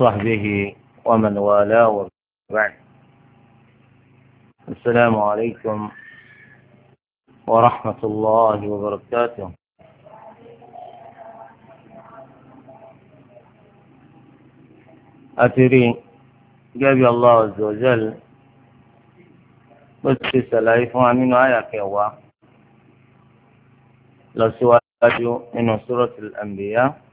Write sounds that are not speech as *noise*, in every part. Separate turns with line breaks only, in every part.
صحبه ومن والاه وبعد السلام عليكم ورحمة الله وبركاته أتري جابي الله عز وجل بس سلايف وعمين آية كوا لو سواء من سورة الأنبياء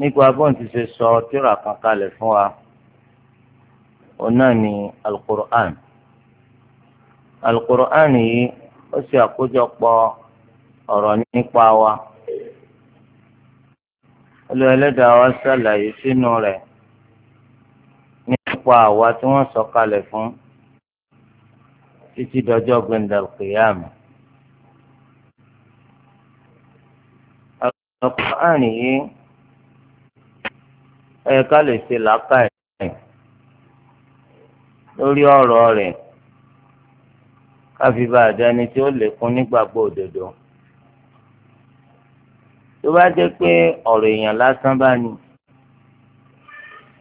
nípa bọ́ọ̀n ti ṣe sọ tírà kan kalẹ̀ fún wa òun náà ni alukur'an alukur'an yìí ó ṣe àkójọpọ̀ ọ̀rọ̀ nípa wa olùwẹ̀lẹ́dàá wa ṣàlàyé sínú rẹ̀ nípa àwa tí wọ́n sọ kalẹ̀ fún títí dọjọ́ gbẹ̀ndàlùkìyàmù. alukur'an yìí ẹ ká lè ṣe làákà ẹ lórí ọ̀rọ̀ rẹ̀ káfí bá àdáni tí ó lékún nígbàgbọ́ òdodo tó bá jẹ́ pé ọ̀rọ̀ èèyàn lásán bá ní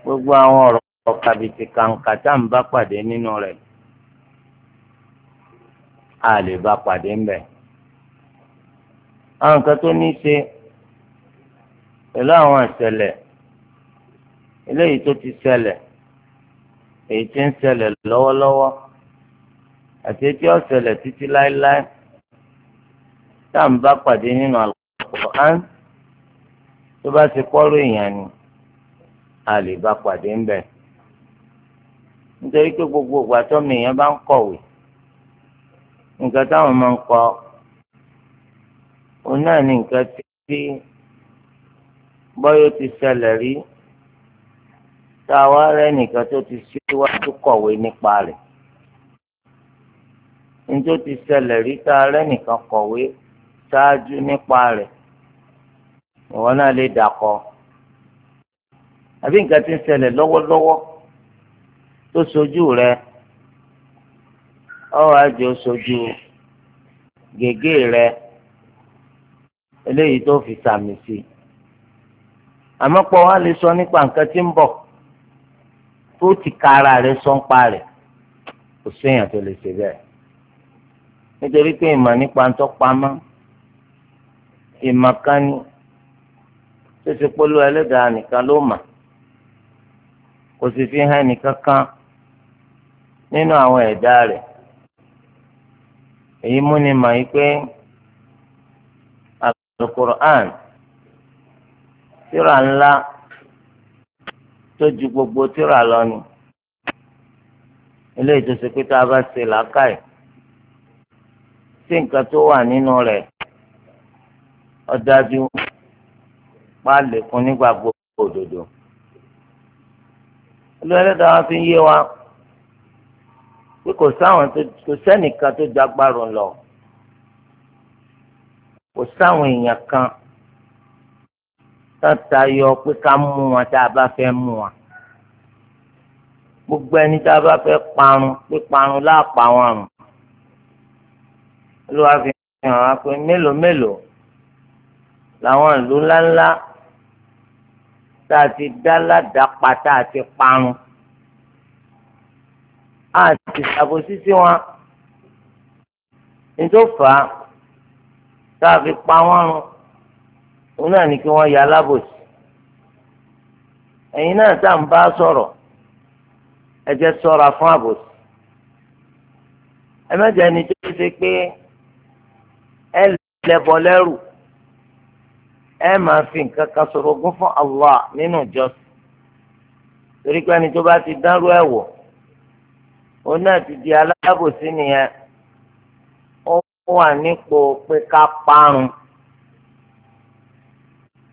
gbogbo àwọn ọ̀rọ̀ kàbìtì kàǹkà tá à ń bá pàdé nínú rẹ̀ a lè bá pàdé ńbẹ àwọn nǹkan tó ní í ṣe pẹ̀lú àwọn ìṣẹ̀lẹ̀ eléyìí tó ti ṣẹlẹ̀ èyí tí ń ṣẹlẹ̀ lọ́wọ́lọ́wọ́ àti etí ọ̀ṣẹlẹ̀ títí láéláé tá à ń bá pàdé nínú Al-Qur'an tó bá ti kọ́rọ̀ èèyàn ni a lè bá pàdé ń bẹ̀. nítorí pé gbogbo ìgbà tọ́mọ èèyàn bá ń kọ̀wé nǹkan táwọn máa ń kọ òun náà ni nǹkan tí bọ́yọ̀ ti ṣẹlẹ̀ rí. tá a rẹ nìkan tó ti ṣíwájú kọ̀wé nípa rẹ̀ njó ti ṣẹlẹ̀ rí tá a rẹ nìkan kọ̀wé ṣáájú nípa rẹ̀ ìwọ náà lè dàkọ àbí nǹkan ti ń ṣẹlẹ̀ lọ́wọ́lọ́wọ́ tó sojú rẹ̀ ọ̀rọ̀ àjò sojú gègé rẹ̀ eléyìí tó fi sàmì sí àmọ́ pọ̀ lè sọ nípa nǹkan tó ti ka ara rẹ̀ sọ́npa rẹ̀ kò séèyàn tó lè ṣe bẹ́ẹ̀ nítorí pé ìmọ̀ nípa ń tọ́pamọ́ ìmọ̀ kan ní tó ṣe polú ẹlẹ́dàá nìkan ló mà kò sì fi hàn nìkan kan nínú àwọn ẹ̀dá rẹ̀ èyí múni mà yí pé Al-Qur'an síra ńlá tó ju gbogbo tírà lọ ni eléyìí tó ṣe pé tá a bá ṣe làákàyè sí nǹkan tó wà nínú rẹ̀ ó dájú páàlì kún nígbà gbogbo òdodo olùwẹ́lẹ́dàá wọn fi ń yé wa pé kò sáwọn kò sẹ́nìkan tó jagbárò lọ kò sáwọn èèyàn kan tán tayọ pé ká mú wọn tá a bá fẹ́ mú wọn gbogbo ẹni tá a bá fẹ́ parun pé parun láàpá wọn rùn olúwa fi hàn wá pé mélòó mélòó làwọn ìlú ńláńlá tá a ti dá ládàpá tá a ti parun a ti ṣàbòsí sí wọn ní tá a fi pa wọn rùn òun náà ní kí wọ́n ya alábòsí ẹ̀yin náà tá à ń bá sọ̀rọ̀ ẹ jẹ́ ṣọ́ra fún àbòsí ẹ mẹ́jọ ẹni tó ṣe pé ẹ lẹ́bọ lẹ́rù ẹ máa fi nǹkan kan ṣorogún fún Allah nínú ìjọsìn torí pé ẹni tó bá ti dárú ẹ̀ òun náà ti di alábòsí nìyẹn ó wà nípò pé ká parun.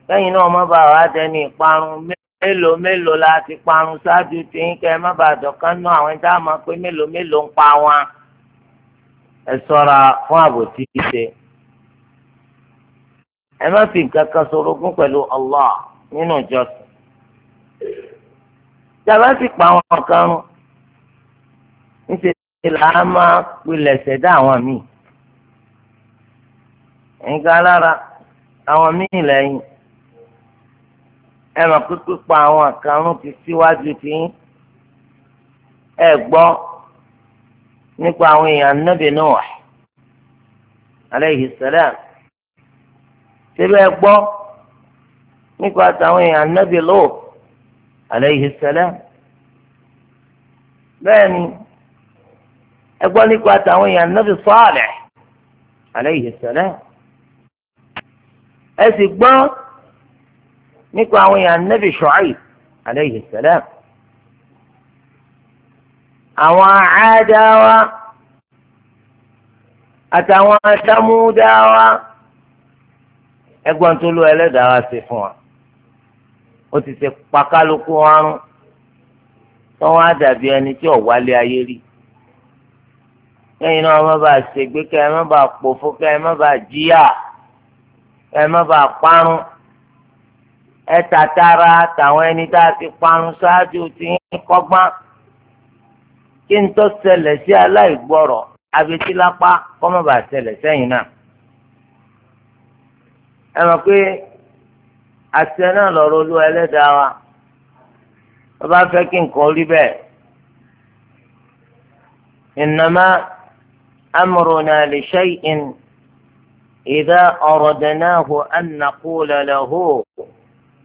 lẹ́yìn náà ọmọ bàa wá dẹni ìparun mélòó mélòó la ti parun ṣáájú tí ń kẹ́ má bàa dọ̀kan àwọn ẹja máa pé mélòó mélòó ń pa wọn. ẹ fún àbòtí ṣe. ẹ má fi nǹkan kan ṣorogún pẹ̀lú Allah nínú sì pa àwọn rún. níṣẹ́ á máa pilẹ̀ ṣẹ̀dá àwọn míì. àwọn míì ẹ mọ̀ pé pípa àwọn àkàrún ti síwájú ti ń ẹ gbọ́ nípa àwọn èèyàn Nábì Nuh alayhi salam síbẹ̀ ẹ gbọ́ nípa àtàwọn èèyàn Nábì Lóò alayhi salam bẹ́ẹ̀ ni ẹ gbọ́ nípa àtàwọn èèyàn Nábì Sálíhì alayhi salam ẹ sì gbọ́ nípa àwọn èèyàn nẹ́bì Shu'aib alayhi salam àwọn àádáwa àtàwọn àtàmúdáwa ẹgbọ́n tó lo ẹlẹ́dàá wa ṣe fún wa ó ti ṣe pakálukú ọrùn tó wọn á dàbí ẹni tí ò wálé ayé rí lẹ́yìn náà má bàa ṣègbé kẹ́ ẹ má bàa pòfó kẹ́ ẹ má bàa jíyà kẹ́ ẹ má bàa parun ẹ tàtàrà tàwọn ẹni tá a ti parun ṣáájú ti ń kọ́gbọ́n kí n tó ṣẹlẹ̀ sí aláìgbọ́rọ̀ abetílápá kọ́mọ̀bà ṣẹlẹ̀ sẹ́yìn náà. ẹ mọ̀ pé àṣẹ náà lọ́rọ̀ olú ẹlẹ́dàá wa wọ́n bá fẹ́ kí nǹkan rí bẹ́ẹ̀. ìnáma amúrúnà lè ṣe ìhìn ìdá ọ̀rọ̀ dẹ̀ náà hù ẹ̀ nàkúlẹ̀ lẹ́hùn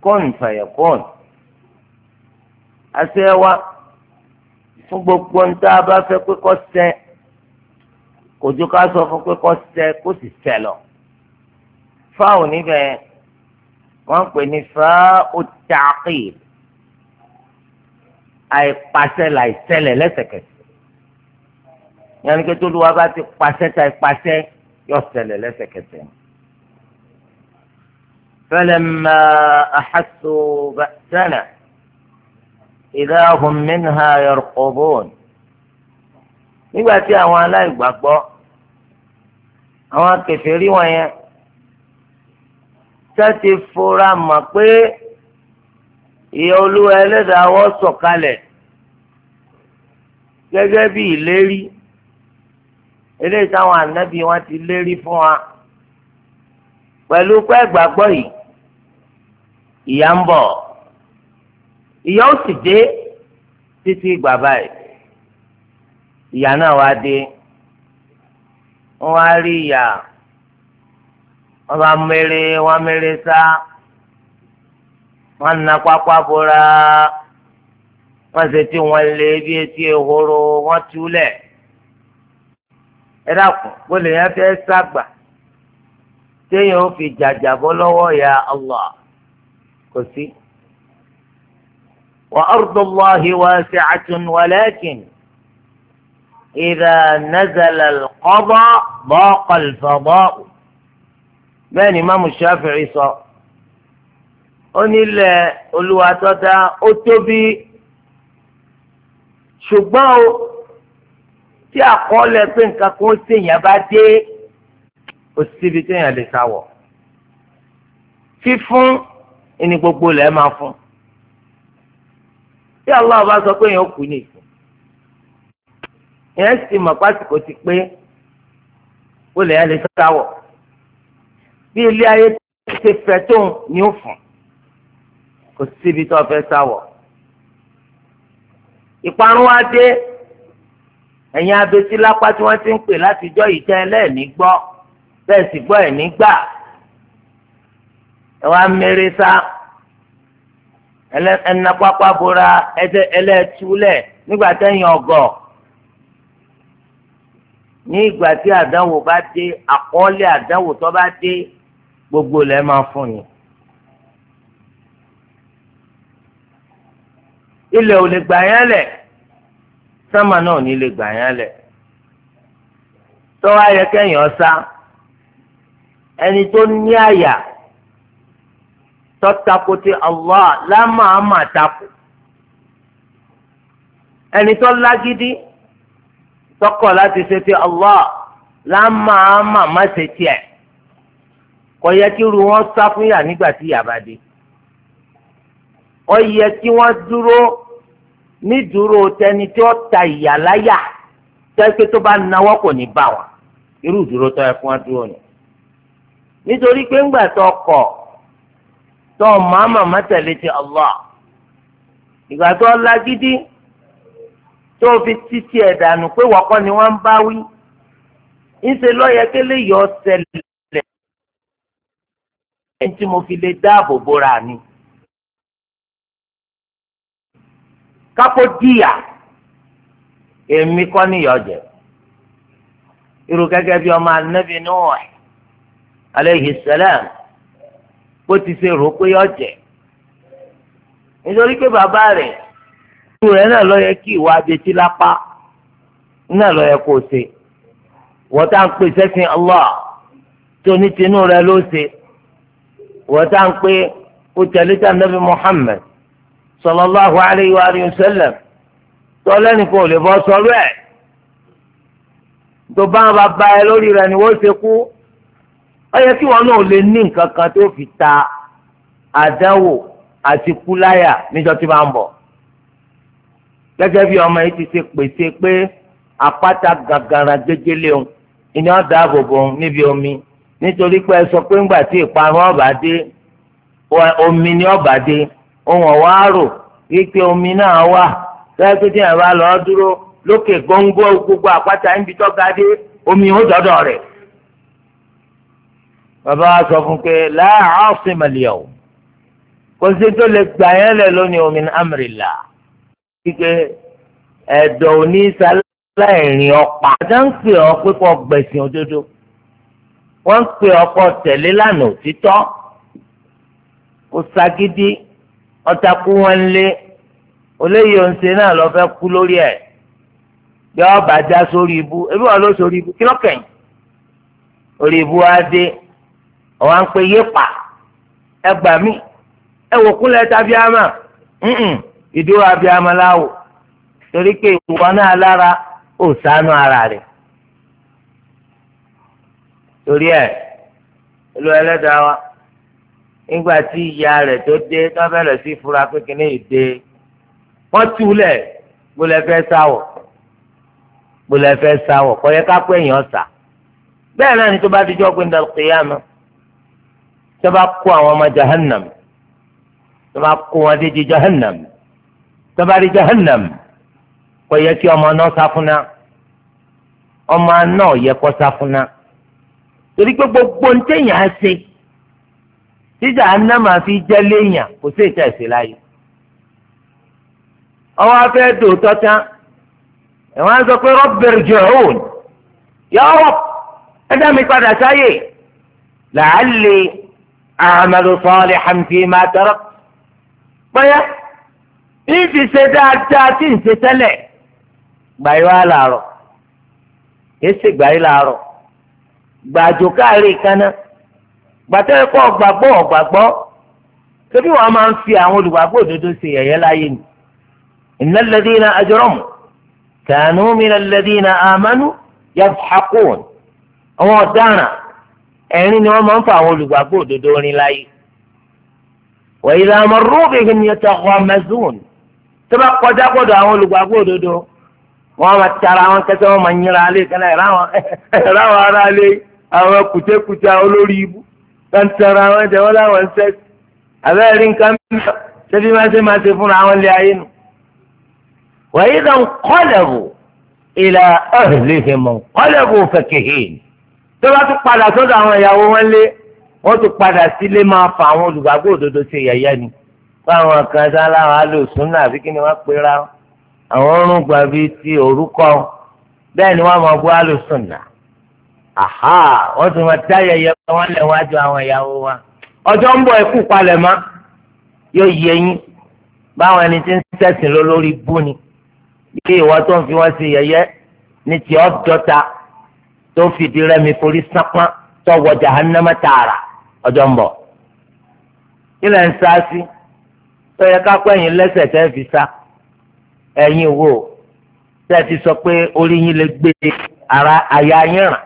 kọ́ọ̀n fàyẹ̀kọ́ọ̀n àṣẹ wa fún gbogbo ń tá a bá fẹ́ pé kó ṣẹ kò ju ká sọ fún pé kó ṣẹ kó sì ṣẹ lọ fáwọn níbẹ̀ wọ́n ń pè ní fáà ó àìpàṣẹ làìṣẹlẹ̀ lẹ́sẹ̀kẹsẹ̀ yẹn tó lu wa bá ti pàṣẹ ta yọ ṣẹlẹ̀ lẹ́sẹ̀kẹsẹ̀ ni. فلما أحسوا بأسنا إذا هم منها يرقضون nígbà tí àwọn aláìgbàgbọ́ àwọn akẹfẹ́rí wọ̀nyẹn tẹ́tí fura mọ̀ pé ìyà olúwa ẹlẹ́dàá wọ́n sọ̀kalẹ̀ gẹ́gẹ́ bí ìlérí eléyìí táwọn ànábì wọn ti lérí fún wa pẹ̀lú pẹ́ gbàgbọ́ yìí. ìyá ń bọ̀ ìyá ó sì dé títí bàbá báyìí ìyá náà wá dé wọ́n wá rí ìyá wọ́n bá mèrè wọ́n mèrè sá wọ́n na pápá bora wọ́n ṣe tí wọ́n lé bí etí ehoro wọ́n túlẹ̀ ẹ dákun wọ́n yẹn fẹ́ sàgbà téèyàn ya Allah. kò sí. wa ardullahi wasi'atun walakin idha nazala al-qada daqa al-fada'u bẹ́ẹ̀ ni Imam Shafi'i sọ onílẹ̀ olùwàtọ́ta ó tóbi ṣùgbọ́n o tí àkọọ́lẹ̀ pé nǹkan kan ó ṣèyàn bá dé ó síbi téèyàn lè sáwọ̀ fífún ẹni gbogbo lẹ máa fún tí Allah bá sọ pé èèyàn kú ní ìsìn ìyẹn sì mọ̀ pásìkò ti pé ó lè yẹn lè sáwọ̀ bí ilé ayé ṣe fẹ́ tóun ni ó fún kò síbi tó fẹ́ sáwọ̀ ìparun wa dé ẹ̀yin abetí lápá tí wọ́n ti ń pè látijọ́ ìtẹ́ ẹlẹ́ẹ̀ní gbọ́ bẹ́ẹ̀ sì gbọ́ ẹ̀ nígbà ẹ wá mèrè sá ẹnà pápá bora ẹlẹ́túlẹ̀ nígbà tẹ́yìn ọgọ́ ní ìgbà tí àdánwò bá dé àkọọ́lẹ̀ àdánwò tó bá dé gbogbo lẹ́ máa fún yín. ilẹ̀ ò lè gbà yẹn lẹ̀ sánmà náà ò ní lè gbà yẹn lẹ̀ tọ́wọ́ ayẹ kẹ́yìn ọ̀sá ẹni tó ní àyà. tọ́tako ti Allah lámàámà tako ẹni tó lágídí tọkọ láti ṣe ti Allah lámàámà má ṣe tiẹ̀ kò yẹ kí irú wọn sá fún yà nígbà tí yà bá dé yẹ kí wọ́n dúró ní dúró tẹni tí ta ìyà láyà tó màmá mẹtẹlẹ ti Allah ìgbà tó gidi tó fi títí ẹ̀ dànù pé ni wọ́n ń bá wí ńṣe lọ́yẹ lè yọ ṣẹlẹ̀ ẹni mo fi lè dáàbò bóra mi. kápó díyà èmi kọ́ níyọ̀jẹ̀ irú gẹ́gẹ́ bó ti ṣe rò ó pé yọ jẹ nítorí pé bàbá rẹ̀ irú rẹ̀ náà lọ yẹ kí ìwà abetí lápá náà lọ yẹ kó ṣe wọ́n tá ń pè sẹ́sìn Allah tó ní tinú rẹ̀ ló ṣe wọ́n tá ń pè ó tẹ̀lé tá nàbí Muhammad sallallahu alayhi wa alihi wa sallam tó lẹ́nìkan ò lè bọ́ sọ́rọ́ ẹ̀ tó bá wọn bá ba ẹ lórí rẹ̀ ni wọ́n ṣe kú ó yẹ kí wọn náà lè ní nǹkan kan tó fi ta àdáwò àti kúláyà níjọ́ tí bá ń bọ̀ gẹ́gẹ́ bí ọmọ yìí ti ṣe pèsè pé àpáta gàgàrà gégélé òun ìní ọ̀dà àbòbò òun níbi omi nítorí pé ẹ sọ pé ńgbà tí ìparun ọ̀bà dé omi ni ọ̀bà dé ohun ọ̀wá rò wípé omi náà wà lọ́wọ́ tí ẹ̀ bá lọ́ọ́ dúró lókè góńgó gbogbo àpáta ń tọ́ga dé omi ó dọ́dọ̀ rẹ̀ bàbá wa sọ fún pé láàá ọ̀sìn màlìyà o kò sí tó lè gbà yẹn lẹ lónìí omi amìrìlà kíkẹ́ ẹ̀dọ̀ òní sáláìrìn ọ̀pá. àdá ń pè ọ́ pé kò gbẹ̀sìn òdodo wọ́n ń pè ọ́ kò tẹ̀lé lánàá òtítọ́ kò ságídí ọ̀tá wọn lé olóyè òǹṣe náà lọ fẹ́ kú lórí ẹ̀ yọ ọba já sórí ibú ebi wọn ló sórí ibú kí lọ́kẹ̀yìn orí ibú wa dé ọwọ à ń pè yépa ẹ gbà mí ẹ wò kúnlẹ̀ tàbí àmà ìdúró abiyamọ láwò torí pé ìwọ náà lára ò sánú ara rẹ̀ torí ẹ̀ ìlú ẹlẹ́dàá wa nígbà tí ìyá rẹ̀ tó dé tó bẹ̀rẹ̀ sí fura pé kíní ìdè wọ́n túlẹ̀ gbolẹ̀ fẹ́ sáwọ̀ gbolẹ̀ fẹ́ sáwọ̀ kọ́ ká pé èèyàn sà bẹ́ẹ̀ náà ni tó bá dijọ́ pé ń dàlùkìyàmọ́. tó bá kó àwọn ọmọ jahannam tó bá kó wọn dé jahannam tó bá di jahannam kò yẹ kí ọmọ náà sá fún náà ọmọ náà yẹ kó sá fún náà torí pé gbogbo ń téèyàn á ṣe jíjà aná máa fi jẹ́ léèyàn kò sí ìta ẹ̀sìn láàyè. ọwọ́ afẹ́ dòótọ́ tán ẹ̀wọ̀n á sọ pé rọ́bìrì jẹ̀hún yọ̀ọ́ ẹ̀dá mi padà sáyè làálẹ̀ أعمل صالحا فيما ترك بيا إنت سداد تاتين ستلع بايوا لارو إسك باي لارو باجو كاري كان باتي قوك بابو بابو كبيو أمان في أمود بابو دودو سي يلاين إن الذين أجرموا كانوا من الذين آمنوا يضحكون أو دانا ẹ̀rín ni wọ́n máa ń fa àwọn olùgbàgbọ́ òdodo rin láyé. wa idha marru bihim yataghamazun tó bá kọjá gbọ́dọ̀ àwọn olùgbàgbọ́ òdodo wọ́n máa tara wọn kẹsẹ́ wọn máa nyíra alẹ́ kan náà ẹ̀rá wọn ara alẹ́ àwọn kùtẹ́kùtẹ́ olórí ibú kan tara wọn jẹ́ wọ́n láwọn ṣẹ́ abẹ́rẹ́ nǹkan mìíràn ṣẹ́bí máa ṣe máa ṣe fúnra wọn lé ayé nu. wa idha inqalabu ila ahlihim inqalabu fakihin tó bá tún padà sọ́dọ̀ àwọn ìyàwó wọn lé wọ́n tún padà sílé máa fa àwọn olùgbàgbọ́ òdodo ṣe yẹ̀yẹ́ ni fáwọn kan sá láwọn alòsùn náà àbí kí ni wọ́n pera àwọn ọrùn gbà bíi ti orúkọ bẹ́ẹ̀ ni wọ́n máa bú alòsùn náà àhá wọ́n tún máa dá yẹ̀yẹ́ wọn lẹ̀ wájú àwọn ìyàwó wa ọjọ́ ń bọ̀ ẹkú palẹ̀ mọ́ yóò yẹ yín báwọn ẹni tí ń sẹ̀sìn lólórí bú ni bí ìwọ tó ń fi wọ́n ṣe yẹ̀yẹ́ ní ti ọ́ dọ́ta tó fìdí rẹmi forí sápá tó wọ jahannama tààrà ọjọ́ ń bọ̀ ilẹ̀ ń sá sí tó yẹ ká pẹ́yìn lẹ́sẹ̀ tẹ́ fi sá ẹ̀yin wo tẹ́ ti sọ pé orí yín lè gbé ara àyà yín ràn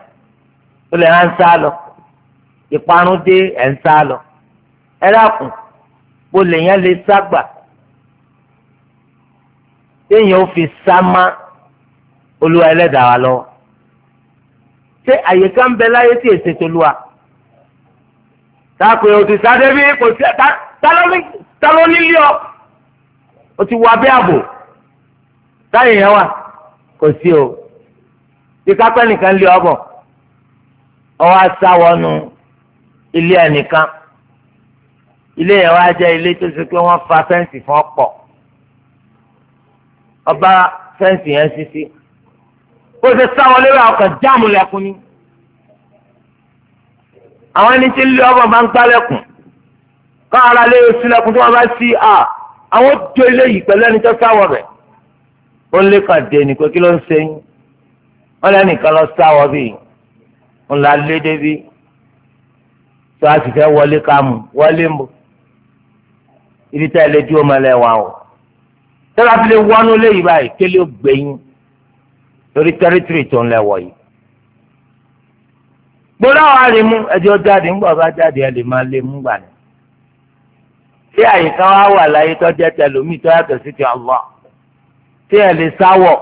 ó lè ń sá lọ ìparun dé ẹ̀ ń sá lọ ẹ dákun bó lè yẹn lè téèyàn ó fi sá má olúwa ẹlẹ́dàá wa lọ́wọ́. ṣé àyè kan bẹ láyé tí èsè tó lu wa. táàpù òsì sáré bí kò sí ta nílé ọ o ti wọ abẹ́ ààbò táyà yẹn wà kò sí o ìkápẹ́ nìkan lé ọ bọ̀ ọwọ́ asáwọnù ilé ẹnìkan ilé yẹn wá jẹ́ ilé tó ṣe pé wọ́n fa fẹ́ǹsì fún ọ̀pọ̀ ọba fẹ́ǹsì yẹn sisi bó ṣe sá wọlé rẹ ọkọ̀ jáàmù lẹ́kùn ni àwọn ẹni tí ń lé ọmọ bá ń gbálẹ̀kùn ká ara lé sílẹ̀kùn tí wọ́n bá sí à àwọn tó ilé yìí pẹ̀lú ẹni tó sáwọ rẹ̀ ó lé kàdé ní pé kí ló ń ṣe yín wọ́n lẹ́nu nìkan lọ sáwọ bí ń la lé débi tó a sì fẹ́ wọlé ká mú wọlé mú ibi tá ẹ lé dúró mọ́ lẹ́wà o tẹ́lá fi lè wọnú lé yìí báyìí kí ló gbẹ̀yìn lórí tẹ́rítírì tó ń lẹ́wọ̀ yìí. gbọ́dọ̀ wà lè mú ẹjọ́ jáde ńgbà bá jáde ẹ lè máa lè mú gbà ní. tí àyíká wa wà láyé tó jẹ́ tẹlómi tó yàtọ̀ sí ti Allah tí ẹ lè sáwọ̀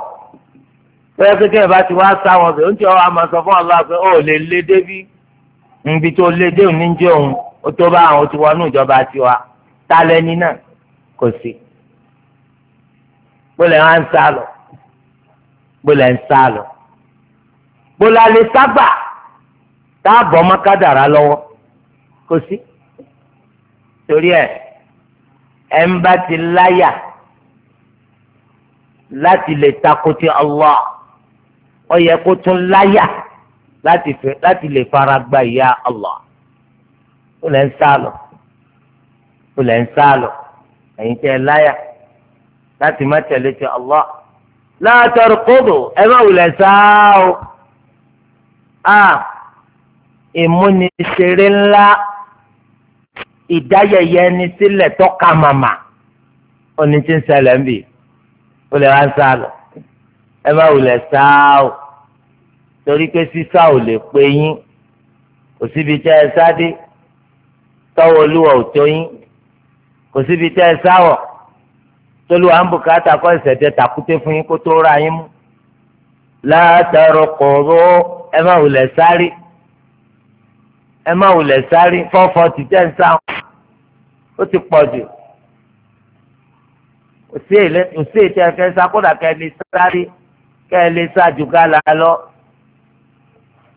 bẹ́ẹ̀ kékeré bá ti wá sáwọ̀ bẹ́ẹ̀ oúnjẹ wa máa sọ fún Allah pé ó lè lé débi níbi tó lé dé òní jẹ́ òun ó tó bá àwọn tí wọnú ìjọba tiwa ta lẹ́ni náà kò sí. gbọ́dọ̀ wá ń sá lọ gbọ́lẹ̀ ń sá lọ gbọ́lẹ̀ alẹ́ sábà táàbọ̀ mọ́kádàrá lọ́wọ́ kò sí torí ẹ̀ ẹ̀ ń bá ti láyà láti lè takoti Allah ó yẹ kó tún láyà láti lè fara gba ìyà Allah ó ń sá lọ ó ń sá lọ ẹ̀yin tẹ́ láyà láti má tẹ̀lé ti Allah látọrọ kódò ẹ má wulẹ̀ sáá a ìmúniṣeré ńlá ìdáyẹyẹ ẹni sílẹ̀ tọ́ka màmá oní tí ń ṣẹlẹ̀ ń bì ó lè wá ń sá lọ ẹ má wulẹ̀ sáá o torí pé sísá ò lè pé yín kò síbi tẹ́ ẹ sáde tọ́wọ́ olúwa ò tó yín kò síbi tẹ́ ẹ sáwọ̀ tolu ambukata kọ́ ẹsẹ̀ tẹ tàkúté fún yín kó tó ra yín mú látàrọ kọ̀ọ̀rọ̀ ẹ má wulẹ̀ sáré ẹ má wulẹ̀ sáré fọ́fọ́ ti tẹ̀ ń sáwọn ó ti pọ̀ jù òsì ètò ẹ̀fẹ́ sá kódà kẹ́ ẹ lè sáré kẹ́ ẹ lè sáájú gálà lọ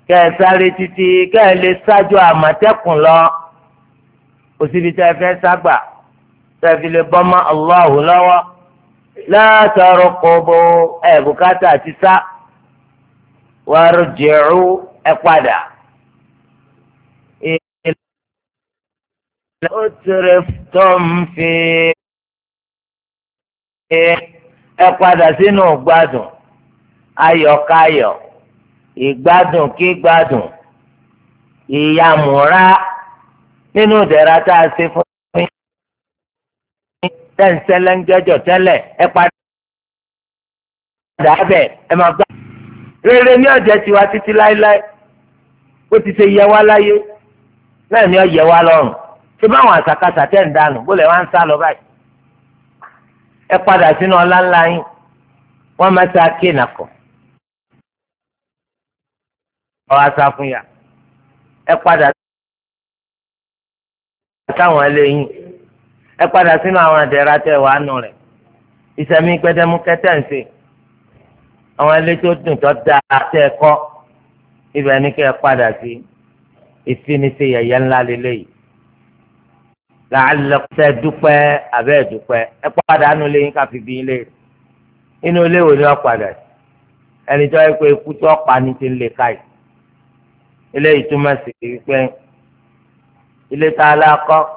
kẹ́ ẹ sáré títí kẹ́ ẹ lè sáájú àmọ̀tẹ́kùn lọ òsì ibi sá gbà. tẹ̀fi lè bọ́ mọ́ Allahu lọ́wọ́ látọ̀rọ̀ kọ́bọ ẹ̀ bùkátà ti sá wàrú jẹ̀rú ẹ̀ padà. ó tẹ̀rẹ̀ tó ń fi ẹ padà sínú gbádùn ayọ̀káyọ̀ ìgbádùn kí gbádùn ìyàmúra nínú ìdẹ̀ra tá a ṣe tẹ̀sẹ̀ lẹ́ńgẹ́jọ tẹ́lẹ̀ ẹ padà abẹ ẹ máa gbà. rere ní ọ̀jẹ̀ tiwa títí láéláé bó ti ṣe yẹ wá láyé náà ni yẹ wá lọ́rùn ṣé báwọn àṣàkáṣà bó lẹ̀ wá ń sá lọ báyìí. ẹ padà sínú ọlá ńlá yín wọ́n máa àṣà fún yà ẹ padà ẹ padà sínú àwọn àdẹ̀rà tẹ̀ wàá nù rẹ̀ ìsẹ̀mí pẹ́tẹ́múkẹ́tẹ́ ń ṣe àwọn ilé tó dùn tó dáa tẹ́ ẹ kọ́ ibẹ̀ ni kẹ́ ẹ padà sí ìfinisẹ yẹ̀yẹ́ ńlá lélẹ́yìí làálẹ̀ dúpẹ́ abẹ́ dúpẹ́ ẹ padà nù lẹ́yìn káfí bí lé inú ilé wo ni wọ́n padà sí ẹni tó yẹ pé ikú tó pa ni ti ń lè káyìí ilé ìtumọ̀ sí pé ilé tá a lá kọ́.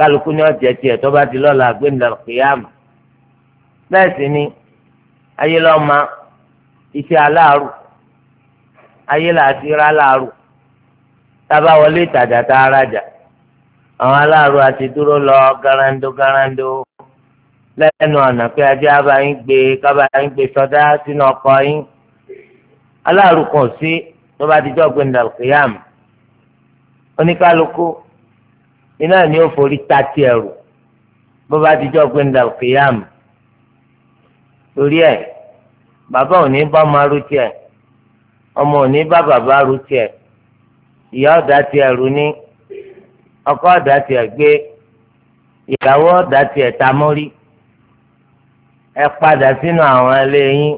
kálukú ni ọ̀jẹ̀ tiẹ̀ tó bá ti lọ́la gbẹ̀ndà kìyàmù bẹ́ẹ̀ sì ni ayé lọ́ma iṣẹ́ aláàrù ayé làásì rà láàrù tábà wọlé ìtajà tá a rajà àwọn aláàrù àti dúró lọ garando garando lẹ́nu ọ̀nà pé ajé abá yín gbé kábà yín gbé sọdá sínú ọkọ yín aláàrù kan sí tó bá ti jọ́ gbẹ̀ndà kìyàmù oníkálukú iná ni ó forí ta ti ẹrù bó bá ti jọ pé ndàlù kìyàm torí ẹ bàbá ò ní bá ọmọ arúti ẹ ọmọ ò ní bá bàbá arúti ẹ ìyá ọ̀dà ti ẹrù ní ọkọ ọ̀dà ti ẹ gbé ìyàwó ọ̀dà ti ẹ ta mórí ẹ padà sínú àwọn ilé yín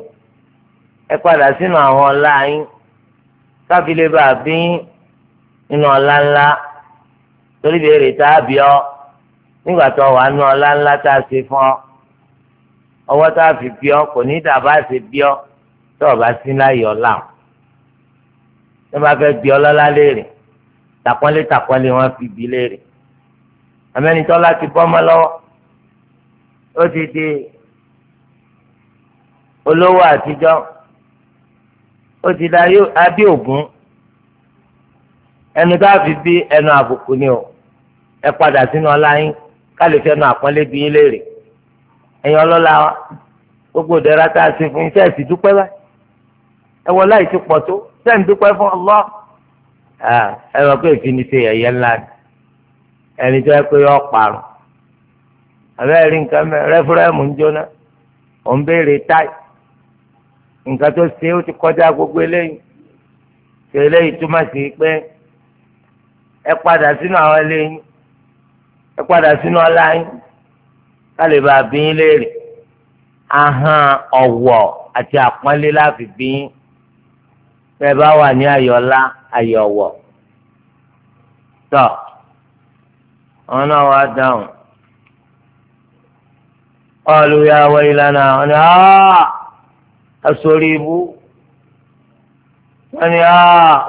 ẹ padà sínú àwọn ọlá yín káfílẹ̀ bá bí ọlá ńlá torí béèrè tá a bí ọ nígbà tó wà nù ọlá ńlá tá a ṣe fún ọ ọwọ́ tá a fi bí ọ kò ní dàbá ṣe bí ọ tó o bá sí láyọ̀ ọ̀la tó bá fẹ́ bí ọ lọ́lá léèrè tàpọ́nlé tàpọ́nlé wọn fi bí léèrè amẹ́nitọ́lá ti bọ́ ọmọ lọ́wọ́ ó ti di olówó àtijọ́ ó ti di abíògùn ẹnu tá a fi bí ẹnu àbùkù ni o ẹ padà sínú ọlá yín kálí fẹnu àpọ́nlé bí yín léèrè ẹ̀yin ọlọ́lá gbogbo ìdẹ̀ra tá a ṣe fún yín sẹ́ẹ̀sì dúpẹ́ báyìí ẹ wọ láì ti pọ̀ tó dúpẹ́ fún ọlọ́ ẹ rọ pé ìfinite ẹ̀yẹ ńlá ni ẹni tó yẹ pé yọ nǹkan rẹ́fúrẹ́mù ń jóná ò ń béèrè táì nǹkan tó gbogbo eléyìí ṣe eléyìí túmọ̀ sí pé ẹ ẹ padà sínú ọlá yín ká lè bá a bí yín léèrè ahọ́n ọ̀wọ̀ àti àpọ́nlé láfi bí yín bẹ́ẹ̀ bá wà ní ayọ̀lá ayọ̀wọ̀ tọ́ àwọn náà wá dáhùn ọ̀lù ya wọ ìlànà wọn ni aṣọ orí ibú wọn ni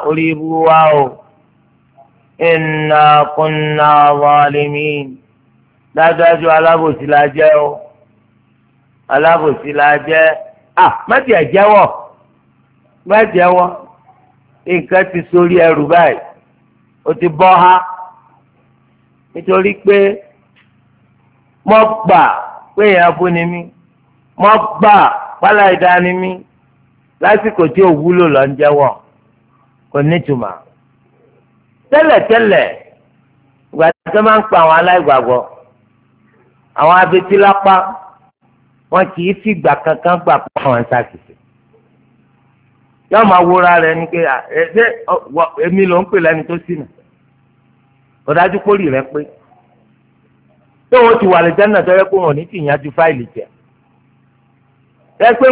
orí ibú wá o inna kunna zalimin dájúdájú alábòsí la jẹ́ o alábòsí la jẹ́ à má tiẹ̀ jẹ́wọ́ má jẹ́wọ́ nǹkan ti sórí ẹrù báyìí o ti bọ́ ha nítorí pé mo gbà pé èèyàn bú ni mí mo gbà pálá ìdá ni mí lásìkò tí ò lọ ń jẹ́wọ́ kò nítumọ̀ tẹ́lẹ̀tẹ́lẹ̀ ìgbà tí wọ́n máa ń pa àwọn aláìgbàgbọ́ àwọn abetílápá wọn kì í fìgbà kankan gbà pa àwọn ṣàkìsì yóò máa wúra rẹ ni pé ẹsẹ èmi ló ń pè lẹni tó sínú ọ̀dájú pólì rẹ pé tó o ti wà lẹ́jẹ̀ náà tọ́jú pé wọn ò ní ti yanjú fáìlì jẹ ẹ pé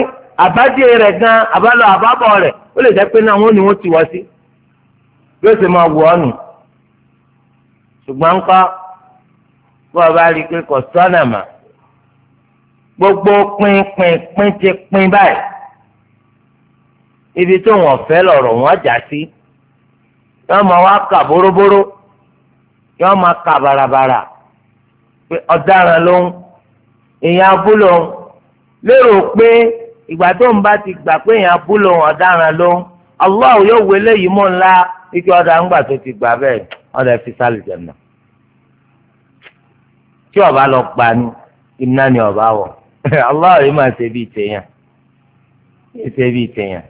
àbájẹ rẹ gan abálọ àbábọ̀ rẹ ó lè jẹ́ pé náà wọn ni wọ́n ti wọ́ sí bí ó sì máa wù ọ́ nù ṣùgbọ́n ńkọ́ bí wọ́n bá rí i pé kò sọ́nà mà gbogbo pínpín pín ti pín báyìí ibi tó wọ́n fẹ́ lọ̀rọ̀ wọ́n jà sí yọ́n máa wá kà bórobóró yọ́n máa kà bàràbàrà pé ọ̀daràn ló ń èèyàn abúlò ń lérò pé ìgbà tó ń bá ti gbà pé èèyàn abúlò ọ̀daràn ló ń Allah yóò wọlé yìí mọ́ ńlá ike ọ̀dà ńgbà tó ti gbà bẹ́ẹ̀ ọ̀dà fi sálì jẹ̀nà tí ọba lọ pa ni iná ni ọba wọ̀ *laughs* Allah yìí máa ṣe bíi tèèyàn ṣe bíi tèèyàn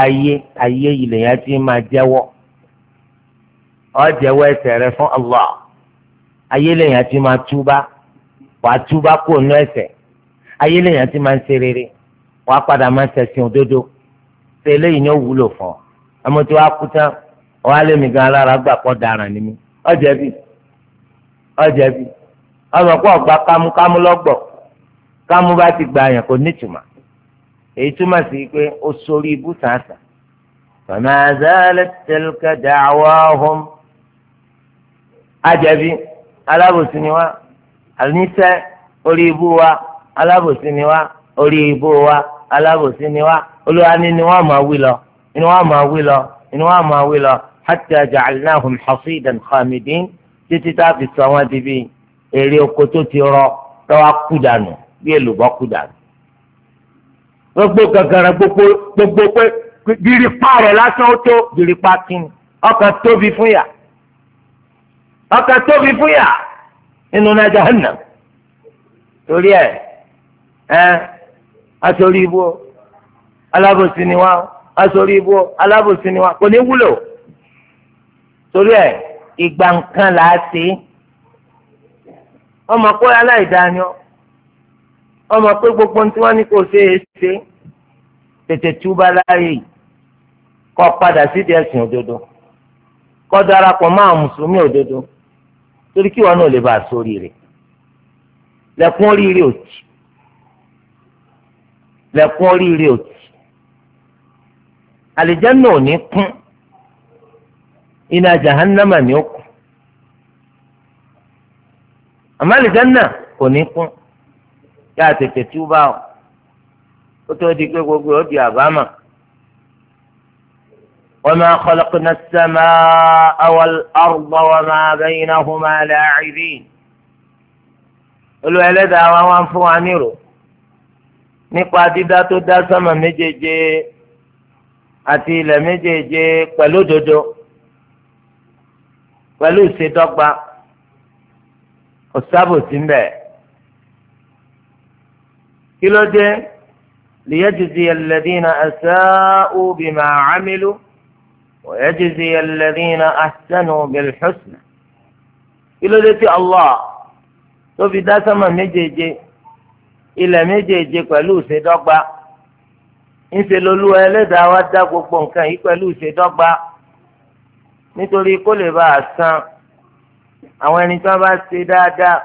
ayé ayé yìí lèyàn ti máa jẹ́wọ́ ọ jẹ́wọ́ rẹ fún Allah ayé lèyàn ti máa túbá wàá túbá kò nú ẹ̀ṣẹ̀ ayé lèyàn ti máa ń ṣe rere wàá padà máa ń òdodo ṣe eléyìí ni ó wúlò fún ọ àmọ́ tí wàá kú tán. ọ̀hún alẹ́ mi gan alára gbà pọ̀ dáràn ni mí ọ̀jẹ̀bi lọ́gbọ̀ kámú bá ti gbà yàn kò nítumà èyí túmọ̀ sí pé ó sórí ibú sàásà fama zalat tilka da'wahum ajẹ̀bi alábòsí wa alábòsí ni wá wa alábòsí ni wá olúwa ni ni wọ́n máa wí lọ ni hatta ja'alnahum hasidan khamidin títí tá a fi sọ wọn di bí èrè oko tó ti rọ lọ́wọ́ kú dànù bí èlùbọ́ kú dànù. gbogbo gàgàrà gbogbo gbogbo pé gírípà rẹ̀ lásán ó tó gírípà kíni ọkàn tóbi fún yà ọkàn tóbi fún yà nínú náà jahannam torí ẹ ẹ asorí ibú alábòsí ni wá asorí ibú alábòsí ni wá kò ní wúlò torí ẹ̀ ìgbà nǹkan là á ṣe ọmọ pé aláìdáni ọmọ pé gbogbo ohun tí wọ́n ní kò ṣe é ṣe tètè túbá láàyè kọ́ padà sídìí ẹ̀sìn òdodo kọ́ darapọ̀ mọ́ àwọn mùsùlùmí òdodo torí kí wọn náà lè bá a sórí rẹ̀ lẹ̀kùn oríire òtì lẹ̀kùn oríire òtì àlìjẹ́ náà ò ní kún iná jahannama ni ó kù àmàlìjánná kò ní kún yá tètè túbà ó ó tó di pé gbogbo ó di àbámà وما خلقنا السماء والأرض وما بينهما لاعبين olùwẹ̀lẹ́dàá wa wá ń fún wa nírò nípa dídá tó dá sánmà méjèèje àti ilẹ̀ méjèèje pẹ̀lú òdodo. pẹ̀lú ìṣedọ́gba ọ̀sábòsí ń kí ló dé ليجزي الذين أساءوا بما عملوا ويجزي الذين أحسنوا بالحسنى إلى ذاتي الله tó fi dá sánmà méjèèje ilẹ̀ méjèèje pẹ̀lú ìṣedọ́gba ńṣe lolúwa ẹlẹ́dàá wa dá gbogbo nǹkan yìí pẹ̀lú nítorí kó lè bá a san àwọn ẹni tí wọ́n bá ṣe dáadáa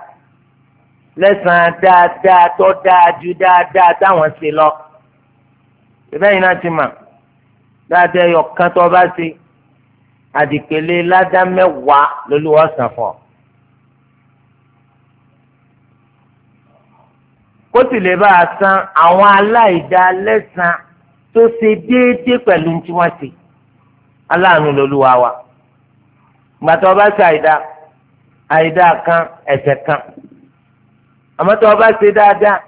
lẹ́sàn-án dáadáa tó dáa ju dáadáa táwọn ṣe lọ. ìbẹ́yìn náà ti mà dáadáa ẹyọ kan tó bá ṣe àdìpẹ̀lẹ̀ ládá mẹ́wàá lolúwa san fún ọ. kó sì lè bá a san àwọn aláìdá lẹ́sàn-án tó ṣe déédéé pẹ̀lú tí wọ́n ṣe aláàánú lolúwa wa gbàtọ́ ọba ṣe àìdá àìdá kan ẹ̀ṣẹ̀ kan àmọ́ tó ọba ṣe dáadáa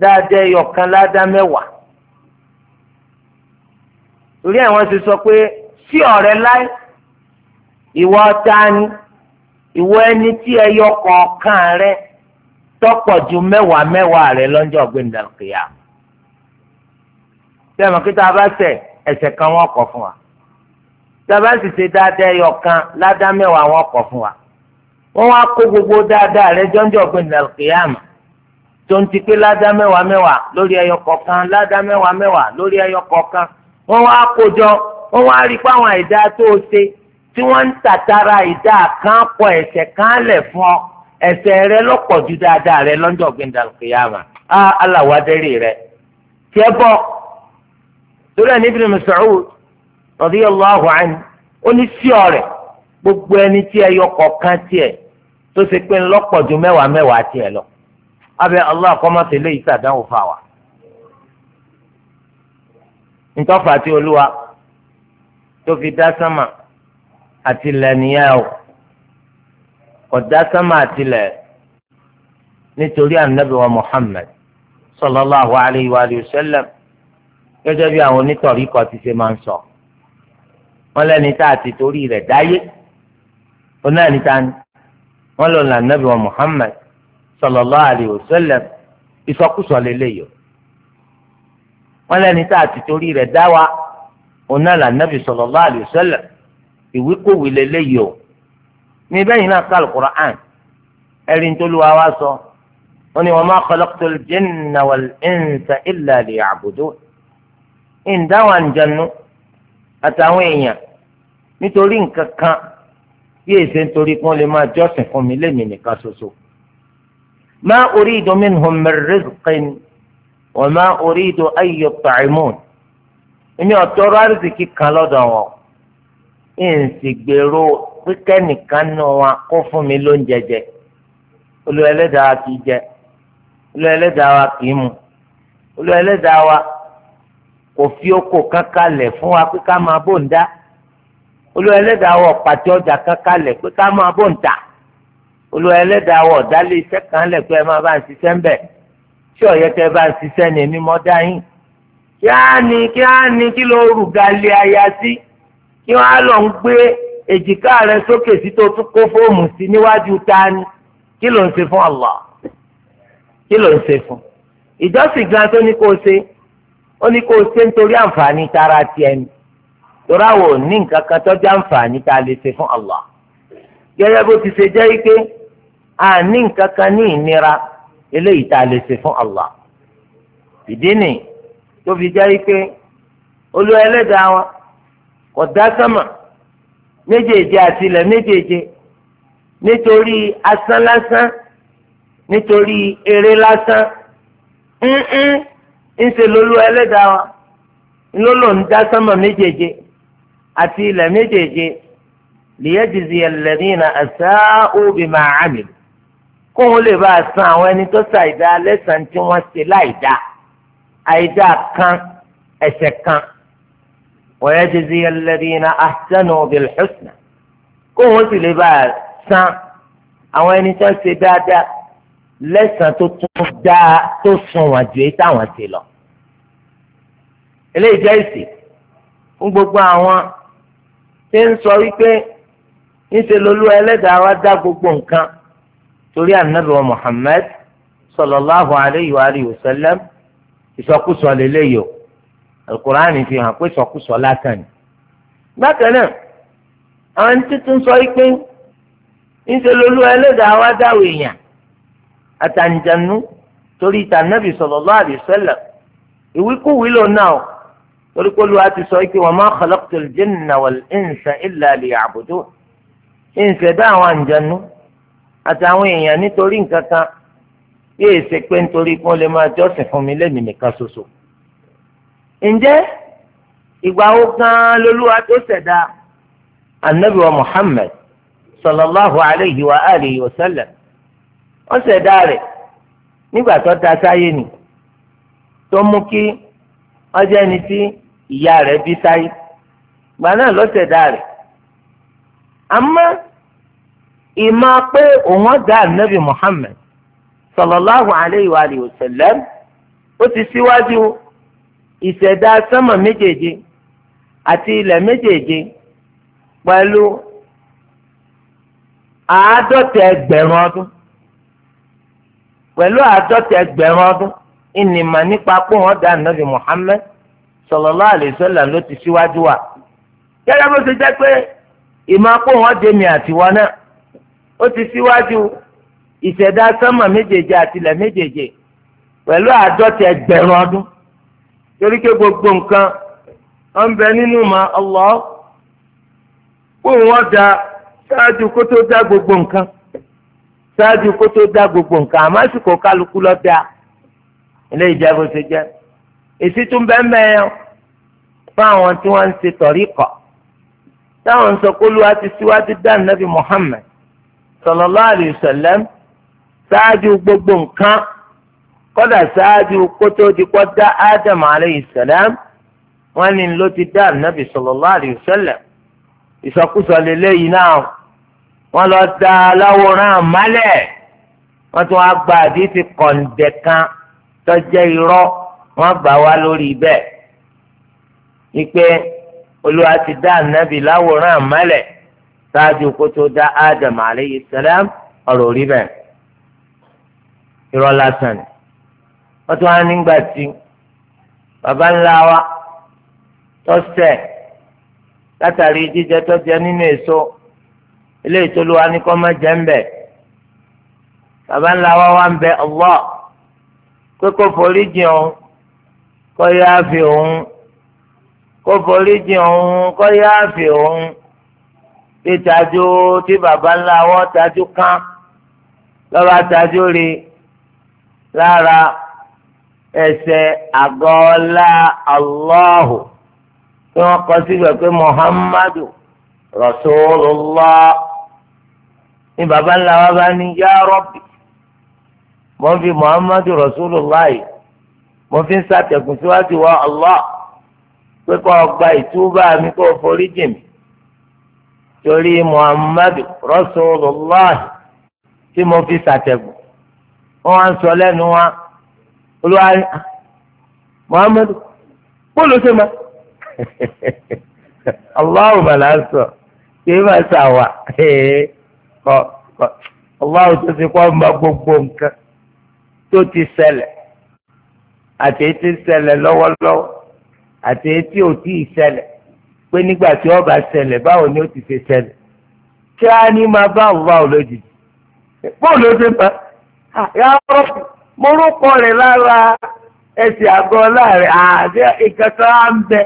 dáadáa ẹyọ kan ládàá mẹ́wàá torí àwọn ti sọ pé sí ọ̀rẹ́ láì ìwọ ọ̀tá ni ìwọ ẹni tí ẹyọ kọ̀ọ̀kan rẹ tọ́pọ̀ ju mẹ́wàá mẹ́wàá rẹ lọ́jọ́ gbẹ̀ndàkìyà tẹ́lẹ̀ mọ̀ kí tá a bá ṣẹ̀ ẹ̀ṣẹ̀ kan wọ́n kọ̀ fún wa tàbá sì ṣe dáadáa ẹyọ kan ládàá mẹ́wàá wọn kọ̀ fún wa wọ́n wá kó gbogbo dáadáa rẹ jọ́njọ́ ọ̀gbìn nàìjíríàmù tó ń ti pé ládàá mẹ́wàá mẹ́wàá lórí ẹyọ kọ̀ọ̀kan ládàá mẹ́wàá mẹ́wàá lórí ẹyọ kọ̀ọ̀kan wọ́n wá kó jọ wọ́n wá rí pé àwọn àìdá tó o ṣe tí wọ́n ń tàtara ìdá kan pọ̀ ẹ̀ṣẹ̀ kan lẹ̀ fún ọ ẹ̀ṣẹ̀ rẹ ló pọ̀ ju dáadáa rẹ lọ́jọ́ ọ̀gbìn nàìjíríàmù radiyallahu anhu ó ní ọ̀rẹ́ gbogbo ẹni tí ẹ yọ kọ̀ọ̀kan tiẹ̀ tó ṣe pé ńlọ́pọ̀ ju mẹ́wàá mẹ́wàá tiẹ̀ lọ abẹ Allah kọ́mọ́tẹ́ lè yí sàdánwò fà wá. ntọ́fà tí olúwa tó fi dá sánmà àti ilẹ̀ nìyẹn o kò dá sánmà àti ilẹ̀ nítorí gẹ́gẹ́ bí àwọn wọn lẹni tá a ti torí rẹ̀ dáyé wọn náà ní ta ni wọn lọ là nàbì wa Muhammad sallallahu alaihi wasallam ìsọkúsọ lélẹyọ wọn lẹni tá a ti torí rẹ̀ dá wa wọn náà là nàbì sallallahu alaihi wasallam ìwíkúwìí lélẹyọ ní bẹ́yìn náà kàlù Qur'an ẹ̀rí tó lu àwa sọ wọn ni wa ma khalaqtul jinna wal insa illa liya'budun ìdáwọn àǹjẹ̀nu. àtàwọn èèyàn nítorí nǹkan kan bí èsè nítorí kí wọ́n lè máa jọ́sìn fún mi lémi nìkan ṣoṣo. ma uridu minhum min rizqin wa ma uridu an yut'imun èmi ọ̀tọ́rọ̀ kan lọ́dọ̀ wọn pípẹ́ nìkan nù wọn kó fún mi lóúnjẹ jẹ olùwẹ̀lẹ́dàá kì í jẹ olùwẹ̀lẹ́dàá kì í mu kò fi oko kankan lẹ̀ fún wa pé ká máa bò ń dá olúwa ẹlẹ́dàá wọ̀ pàtẹ ọjà kankan lẹ̀ pé ká máa bò ń tà olúwa ẹlẹ́dàá wọ̀ dálé iṣẹ́ kan lẹ̀ pé ẹ máa bá ń ṣiṣẹ́ ń bẹ̀ tí ọ̀yẹ́ tẹ bá ń ṣiṣẹ́ ni èmi mọ́ dá yín kí á ní kí á ní kí ló rù galẹ̀ aya sí kí wọ́n á lọ ń gbé èjìká rẹ sókè sí tó tún kó fóòmù sí níwájú ta ni kí ló ń ṣe fún Allah kí ló ń ṣe fún ìjọsìn gan tó ní kó ṣe ó ní kó o ṣe nítorí àǹfààní tara tiẹ̀ ni torí àwọn ò ní nǹkan kan tọ́jú àǹfààní tá a lè ṣe fún Allah gẹ́gẹ́ bó ti ṣe jẹ́ pé a ní nǹkan kan ní ìnira eléyìí tá lè ṣe fún Allah ìdí nì tó fi jẹ́ pé olú ẹlẹ́dàá wa kò dá sánmà àti ilẹ̀ méjèèje nítorí asán lásán nítorí eré lásán ńṣe lolú ẹlẹ́dàá wa ńlọ́lọ́ ń dá sánmà méjèèje àti ilẹ̀ méjèèje lìyẹ́jìzì ẹlẹ́dínà àṣàó bímọ àmì kó wọn lè bá a san àwọn ẹni tó ṣàìdá lẹ́sàn-án tí wọ́n ṣe láìdá àìdá kan ẹ̀ṣẹ̀ kan wọ́yẹ́jìzì ẹlẹ́dínà àṣàó bíl husna kó wọn sì lè bá a san àwọn ẹni tó ṣe dáadáa lẹ́sàn-án tó tún dáa tó sunwọ̀n ju èyí táwọn ṣe lọ eléyìí jẹ́ èsì fún gbogbo àwọn tí ń sọ wípé ńṣe lolú ẹlẹ́dàá wa dá gbogbo nǹkan torí ànábì wa Muhammad sallallahu alayhi wa alihi wa sallam ìsọkúsọ lélẹ́yìí o alukur'ani fi hàn pé ìsọkúsọ lásán ni. bákan náà àwọn títún sọ wípé ńṣe lolú ẹlẹ́dàá wa dáwọ̀ èèyàn àtàǹjànú torí ìtànábì sallallahu alayhi wa sallam ìwíkúwìí náà torí pé olúwa ti sọ pé wa ma khalaqtul jinna wal insa illa liya'budun ìṣẹ̀dá àwọn àǹjẹ̀nu àtàwọn èèyàn nítorí nǹkan kan yóò ṣe pé nítorí kí wọ́n lè máa jọ́sìn fún mi lẹ́mìí nìkan ṣoṣo. ǹjẹ́ ìgbà wo gan-an lolúwa tó ṣẹ̀dá anabi wa Muhammad sallallahu alayhi wa alihi wa sallam ó ṣẹ̀dá rẹ̀ nígbà tó ta sáyé ni tó mú kí ọjọ́ ẹni tí ìyá rẹ̀ bí táyé gbà náà lọ́sẹ̀dá rẹ̀ àmọ́ ìmọ̀ pé òun ọ̀gá ànábì Muhammad sallallahu alayhi wa alihi wa sallam ó ti síwájú ìṣẹ̀dá sánmà méjèèje àti ilẹ̀ méjèèje pẹ̀lú àádọ́ta ẹgbẹ̀rún ọdún pẹ̀lú àádọ́ta ẹgbẹ̀rún ọdún ìnìmọ̀ nípa pé wọ́n dá ànábì Muhammad sallallahu alaihi wasallam ló ti síwájú wa gẹ́gẹ́ bó ṣe jẹ́ pé ìmọ̀pọ̀ wọn dèmi àtiwọ́ náà ó ti síwájú ìṣẹ̀dá sánmà méjèèje àtilẹ̀ méjèèje pẹ̀lú àádọ́ta ẹgbẹ̀rún ọdún torí gbogbo nǹkan ọ̀ bẹ nínú ma Allah kó wọn da gbogbo nǹkan kó tó dá gbogbo nǹkan àmọ́ àsìkò kálukú lọ́ọ́ da ilé ṣe jẹ́ èsì tún bẹ́ẹ̀ mẹ́ẹ̀ẹ́ fáwọn tí wọ́n ń ṣe tọ̀ríkọ̀ táwọn ń sọ pé olúwa ti síwájú dá nàbì Muhammad sallallahu alayhi wa sallam ṣáájú gbogbo nǹkan kọ́dà ṣáájú kó tó di kọ́ dá Ádámù alayhi salam wọ́n ní ló ti dá nàbì sallallahu alayhi wa sallam ìsọkúsọ lélẹ́yìí náà wọ́n lọ da aláwòrán àmálẹ̀ wọ́n tún wá gba àdìsí kọ̀ǹdẹ̀ kan irọ́ wọ́n gbà wá lórí bẹ́ẹ̀ wípé olúwa ti dá ànábì láwòrán àmọ́lẹ̀ ṣáájú kó tó dá Adam aleyhi salam ọ̀rọ̀ orí bẹ́ẹ̀ irọ́ lásán ni wọ́n tún wá nígbà tí baba ńlá wa tọ́sẹ̀ látàrí jíjẹ tọ́jẹ nínú èso ilé ìtolúwa ní kọ́ máa jẹ́ ń baba ńlá wa wá ń bẹ Allah pé kó forí jìn òun kó yáa fi òun. kó forí jì òun kó yáàfì òun tajú tí baba ńlá wọn tajú kán lọ́ba tajú rí lára ẹsẹ̀ àgọ́ọ́lá tí wọ́n kọ síbẹ̀ pé Muhammadu Rasulullah ni baba ńlá wa bá ní yá mo Rasulullah yìí mo fi ń pé kọ́ ọgbà ìtúbà mi kó forí jì torí muhammadu rasulullah tí mo fi ṣàtẹ̀gùn wọ́n á sọ lẹ́nu wa olúwa ah, muhammadu bóòlù ṣe máa *laughs* allahu bala sọ kí n ṣàwà kọ kọ allahu tó ti kọ́ gbogbo nǹkan tó ti ṣẹlẹ̀ àti ṣẹlẹ̀ àti etí ò tí ì ṣẹlẹ̀ pé nígbà tí ba bá ṣẹlẹ̀ báwo ni ó ti fi ṣẹlẹ̀ kí á ní máa báwo báwo lójijì bóun ló ṣe máa ah, yà á mo rúkọ rẹ̀ lára ẹsẹ̀ àgọ́ láàrin àti ìkẹta á ń bẹ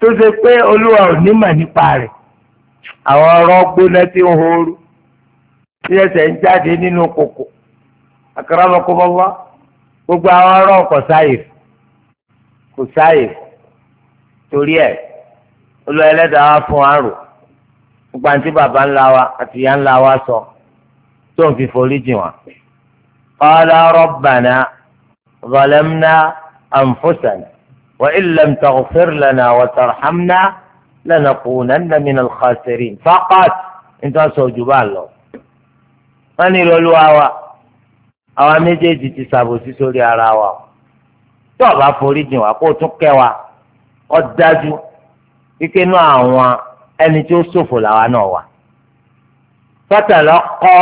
tó ṣe pé olúwa ò ní mà nípa rẹ̀ àwọn ọ̀rọ̀ gbóná tí ń horú tí ẹsẹ̀ ń jáde nínú kòkò gbogbo àwọn ọ̀rọ̀ ọkọ̀ sáyè kò sáàyè torí ẹ̀ olú ẹlẹ́dàá wa fún wa rò nípa tí bàbá ńlá wa àti ìyá ńlá wa sọ tó ń fi forí jìn wá. qala rabbana zalamna anfusana wa illam taghfir lana wa tarhamna lanakunanna minal khasirin faqat nítorí sọ ojú bá lọ. wọ́n ní ìrọ̀lú wa wa àwa méjèèjì ti ṣàbòsí sórí ara wa tí ọba forí jìn wá kó o tún kẹ́ wa ọ dájú wípé inú àwọn ẹni tí ó ṣòfò làwa náà wà. fatalaqa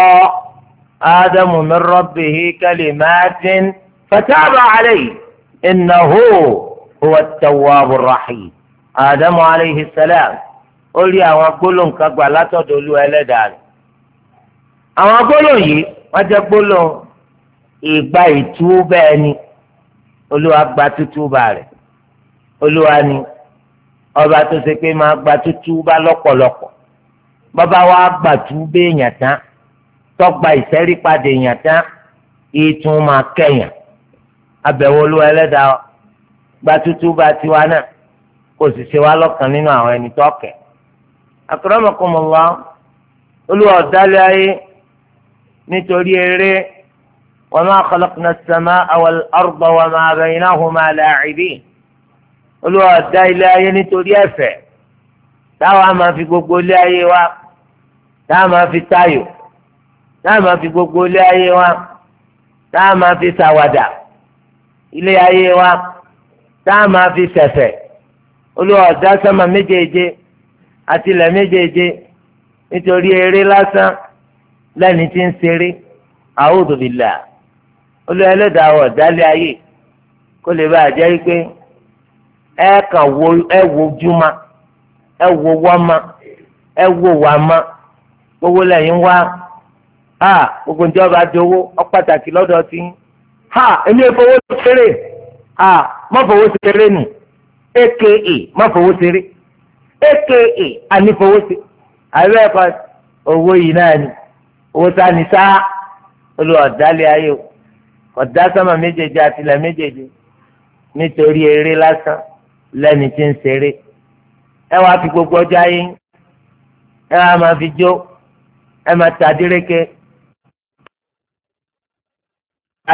ádámù min rabbihi kalimatin fataba alayhi innahu huwa at-tawwabu rahim ádámù alayhi salam ó rí àwọn gbólóhùn látọ̀dọ̀ olú ẹlẹ́dàá rẹ̀. àwọn gbólóhùn yìí wọ́n jẹ́ gbólóhùn ìgbà ìtú olúwa gba tútúbà rẹ̀ olúwa ni ọba tó ṣe pé máa gba tútúbà lọ́pọ̀lọpọ̀ bàbá wa gbà túbẹ èèyàn tán tọgbà ìsẹrípadà èèyàn tán ìtún máa kẹyàn abẹ̀wò olúwa ẹlẹ́dàá gba tútúbà tiwa náà kò sì ṣe wá lọ́kàn nínú àwọn ẹni tó kẹ̀ àkùrọ̀mọ̀kùnmọ̀ wa olúwa ọ̀dálẹ̀ ayé nítorí eré وما خلقنا السماء والأرض وما بينهما لاعبين Olúwa dá ilé ayé nítorí ẹ̀fẹ̀ táwa máa fi gbogbo ilé ayé wa táwa máa fi tayò táwa máa fi gbogbo ilé ayé wa táwa máa fi ṣàwàdà ilé ayé wa táwa máa fi ṣẹ̀fẹ̀ Olúwa dá sánmà méjèèje àti ilẹ̀ méjèèje nítorí eré lásán lẹ́ni tí ń ṣeré a'udhu billah. olú ẹlẹ́dàá wọ̀ dálé ayé kó lè bá a, yìí pé ẹ kàn wo ẹ wo júmọ́ ẹ wo ẹ wo gbogbo lẹ́yìn wá a gbogbo ní ọba dowó ọpàtàkì lọ́dọ̀ ti ha èmi ò fowó ṣeré a má fowó nù aka má fowó aka ànífowó owó yìí náà ni owó olùwà dálé ayé o. ọ̀dá sọ́mà méjèèjì àtìlẹ̀ méjèèjì nítorí eré lásán lẹ́ni tí ń ṣeré ẹ wá fi gbogbo ọjọ́ ayé ẹ wá máa fi jó ẹ máa ta dírékè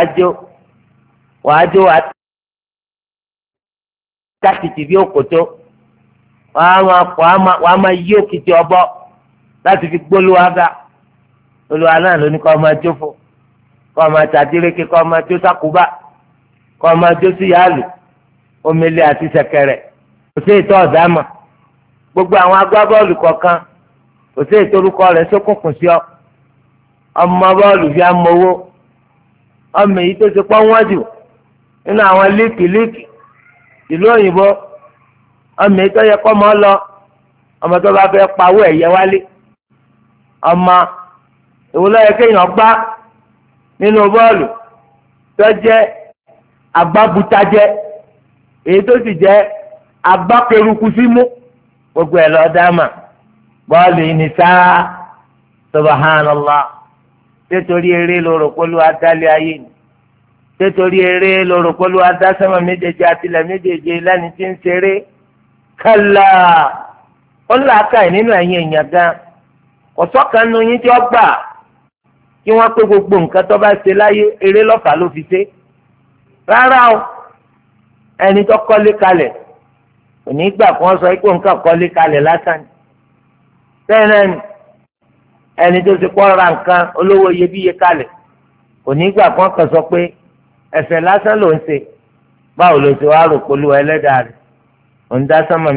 ajo wàá jó wàá tákìtì bí òkòtó wàá máa kọ́ wàá máa yí òkìtì ọbọ láti fi gbólúwa ga olúwa ló ní kọ́ máa jó fún un kọ́ ọmọ tàdírékè kọ́ ọmọ tó sákúbà kọ́ ọmọ tó síyáàlù omele àti sẹ̀kẹ̀rẹ̀ kò sí ètò ọ̀dàmà gbogbo àwọn agbábọ́ọ̀lù kọ̀ọ̀kan kò sí ètò orúkọ rẹ̀ sókùnkùn sí ọ ọmọ bọ́ọ̀lù fi amowó ọmọ èyí tó ti pọ́n wọ́n jù nínú àwọn líìkì líìkì ìlú òyìnbó ọmọ èyí tó yẹ kọ́ mọ́ lọ ọmọ tó bá fẹ́ pawó ẹ̀yẹ wálé ọmọ ìwúlọ́ kéèyàn gbá. nínú bọ́ọ̀lù tó jẹ́ agbábutajẹ́ èyí tó sì jẹ́ agbákerukusímú gbogbo ẹ̀ lọ́ọ́ dáàmà bọ́ọ̀lù yìí ni sáà subahánàlá tẹ́tọ́rí eré lọ́rọ̀ pẹ̀lú adálẹ̀ ayé ni tẹ́tọ́rí eré lọ́rọ̀ pẹ̀lú adásẹ́mọ̀ méjèèjì àtìlẹ̀ méjèèjì lẹ́ni tí ń kálá ó là á kà nínú ẹ̀yìn kí wọ́n pé gbogbo nǹkan tó bá ṣe láyé eré lọ́fà ló fi ṣe rárá o ẹni tó kọ́lé kalẹ̀ kò ní gbà kí wọ́n sọ pé nǹkan kọ́lé kalẹ̀ lásán bẹ́ẹ̀ náà ni ẹni tó ti kọ́ ra nǹkan olówó iyebíye kalẹ̀ kò ní gbà kí wọ́n kàn sọ pé ẹ̀fẹ̀ lásán ló ń ṣe báwo ló ti wá rò polú ẹlẹ́dàá rẹ̀ òun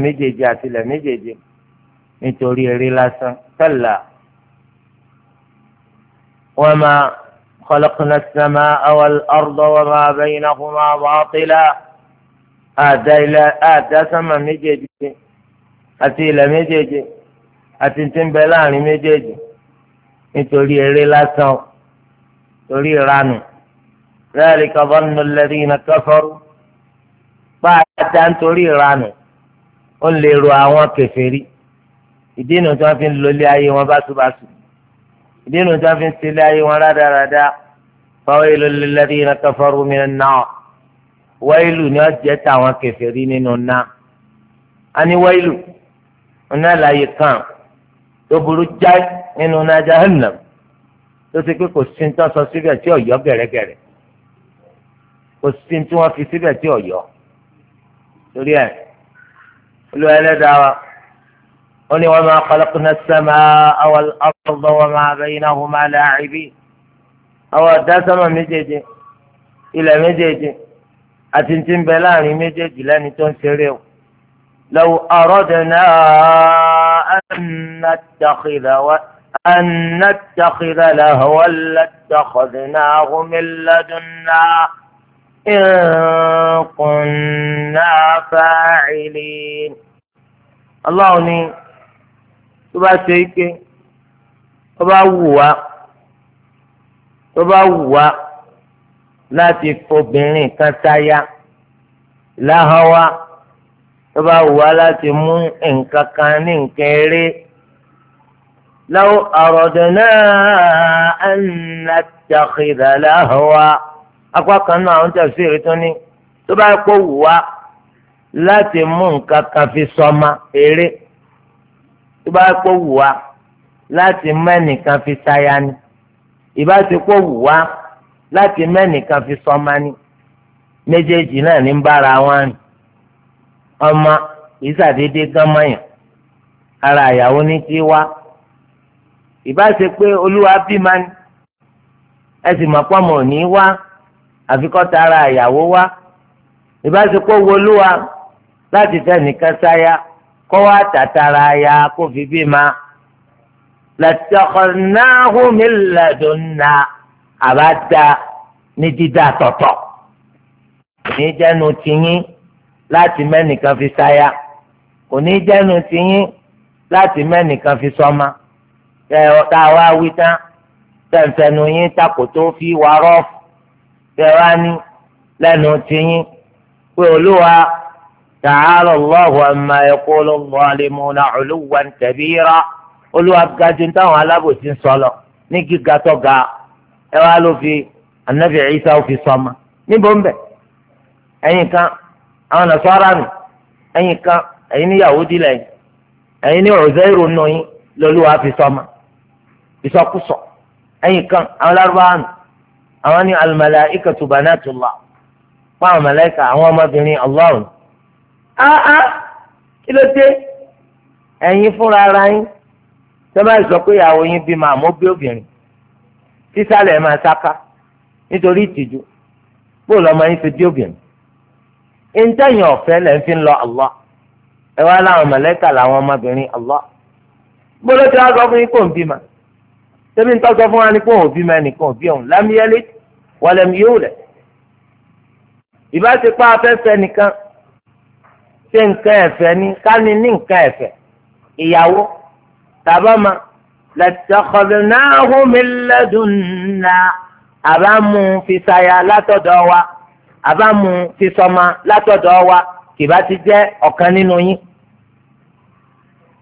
méjèèjì àtìlẹ̀ méjèèjì nítorí eré lásán kálá. وما خلقنا السماء والأرض وما بينهما باطلا آتى إلى آتى سما مجيجي أتي إلى مجيجي أتي تنبلاني مجيجي nítorí eré lásán torí ìranù dhalika dhannu alladhina kafaru pàtà nítorí ìranù ó lè ro àwọn kèfèrí ìdí inú tí wọ́n fi ń lọlé ayé wọn báṣubàṣu ìdí nu tá a fi ń sílé ayé wọn rádaràda fawailul lilladhina kafaru minan nar wáìlù ni wọ́n jẹ́ táwọn kèfèrí nínú náà a ní wáìlù ọ̀nà àlàyé kan tó burú jáì nínú náà jahannam tó ti pé kò sí ní tó sọ síbẹ̀ tí ọ̀yọ́ gẹ̀rẹ́gẹ̀rẹ́ kò sí ní tí wọ́n fi síbẹ̀ tí ọ̀yọ́ torí ẹ̀ olú ẹlẹ́dàá wa. قل وما خلقنا السماء والأرض وما بينهما لاعبين أو ọ̀dá مجيجي إلى مجيجي أتنتم بلاني مجيجي لاني تنسريو لو أردنا أن نتخذ أن نتخذ لهوا لاتخذناه من لدنا إن كنا فاعلين. الله ni. tó bá ṣe ike tó bá wù wá tó bá wù wá láti fobìnrin kan táyà láhàwá tó bá wù wá láti mú nǹkan kan ní nǹkan eré lọ́wọ́ àròdùn náà ẹ̀ńnà tàkìdà láhàwá apá kan náà àwọn tẹ̀síìrì tó ní tó bá kó wù wá láti mú nǹkan kan fi sọ́ma eré tó bá pọ̀ wù wá láti mẹ́nìkan fi táyà ni ìbá ti pọ̀ wù wá láti mẹ́nìkan fi sọ́mà ni méjèèjì náà ní bára wọn ni ọmọ ìsàdédé gánmọ́yàn ara àyàwó ní tí wá ìbá ṣe pé olúwa bímọ ni ẹ sì mọ̀ pọ́nmọ́ ò ní wá àfikọ́ ta ara àyàwó wá ìbá ṣe pé owó olúwa láti fẹ́ nìkan sáyà kọ́ wá tàtàrà ya kó fi bí ma làtàkọ̀náhù mi làdùnà àbáta ní dídá tọ̀tọ̀ ní jẹ́nu tiyín láti mẹ́nìkan fi sáyà kò ní jẹ́nu tiyín láti mẹ́nìkan fi sọ́mà tá a wá wí tán tẹ̀fẹ̀nu yín takò tó fi wà rọ́ọ̀fù tẹ̀ wá ní lẹ́nu tiyín pé olúwa. تعالى الله عما يقول الظالمون علوا كبيرا olúwa ga ju táwọn alábòsí ń sọ lọ ní gíga tó ga ẹ wá ló fi anabi isa ó fi sọmọ níbo ń bẹ ẹ̀yin kan àwọn nasara nù ẹ̀yin kan ẹ̀yin ní yahudi lẹ́yìn ẹ̀yin ní ọzẹrù nù yín lọlúwa fi sọmọ ìsọkúsọ ẹ̀yin kan àwọn lárúbáwá nù àwọn ní al malaikatu banatullah fún àwọn màláíkà àwọn ọmọbìnrin Ọlọ́run Ah, kí ló dé ẹ̀yin fúnra ara yín sọ́mà sọ pé ìyàwó yín bí màá mọ́ bí obìnrin sísàlẹ̀ ẹ̀ máa sáká nítorí ìtìjú bóò lọ́mọ yín fi bí obìnrin ìntẹ̀yìn ọ̀fẹ́ lẹ̀ ń fi lọ Allah ẹ wá láwọn mọ̀lẹ́kà làwọn ọmọbìnrin Allah gbọ́dọ̀ tí wọ́n sọ fún yín kò ń bímọ tẹ́bí ń tọ́jọ́ fún wa ni kò ń bímọ ẹnìkan bí òun lam yalid wa lam yulad ìbá ti pa afẹ́fẹ́ nìkan ṣé nǹkan ẹ̀fẹ̀ ni ká ní ní nǹkan ẹ̀fẹ̀ ìyàwó tàbá ma lẹ́tọ̀kọ̀dé náà hó mi lẹ́dùn náà àbá mu fi ṣaya látọ̀dọ̀ wa àbá mu fi sọma látọ̀dọ̀ wa kìbá ti jẹ́ ọ̀kan nínú yín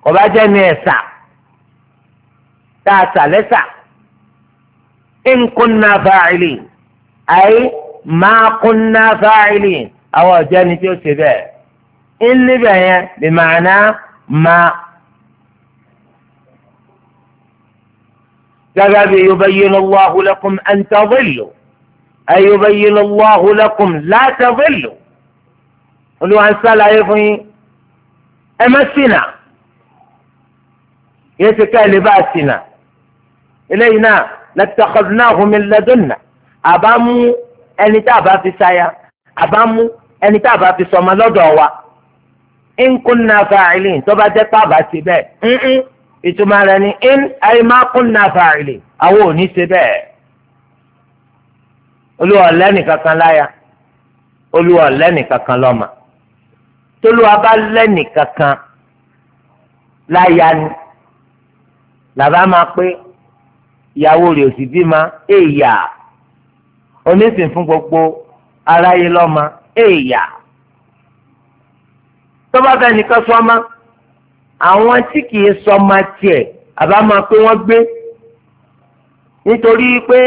kò bá ní ẹ̀sà tá a sà lẹ́sà nkunna fàáìlì àyè máa kunna fàáìlì àwọn ọ̀jẹ́ni tí ó ṣe bẹ́ẹ̀. إن بيان بمعنى ما كذا يبين الله لكم أن تضلوا أي يبين الله لكم لا تضلوا Olúwa ń sálàyé fún yín ẹ má ṣìnà yéé ti ká ilé bá a ṣìnà eléyìí náà lattakhadnahum min ladunna àbá mú ẹni tá a bá fi ṣaya àbá mú ẹni tá a bá fi sọmọ lọ́dọ̀ wa. in kunna fa'ilin tó bá jẹ́ pàbà sí bẹ́ẹ̀ ìtumọ̀ rẹ̀ ni in ay ma kunna fa'ilin àwọn ò ní ṣe bẹ́ẹ̀ olúwa lẹ́nì kankan láya olúwa lẹ́nì kankan lọ́mà tolúwa bá lẹ́nì kankan láya ni làbá máa pé ìyàwó rẹ̀ ò sì bímọ èèyà onísìn gbogbo aráyé lọ́mọ èèyà. E tọ́ba fẹ́ nìkan sọ́mọ́ àwọn tí kìí sọ́mọ́ tiẹ̀ àbá máa pé wọ́n gbé nítorí pé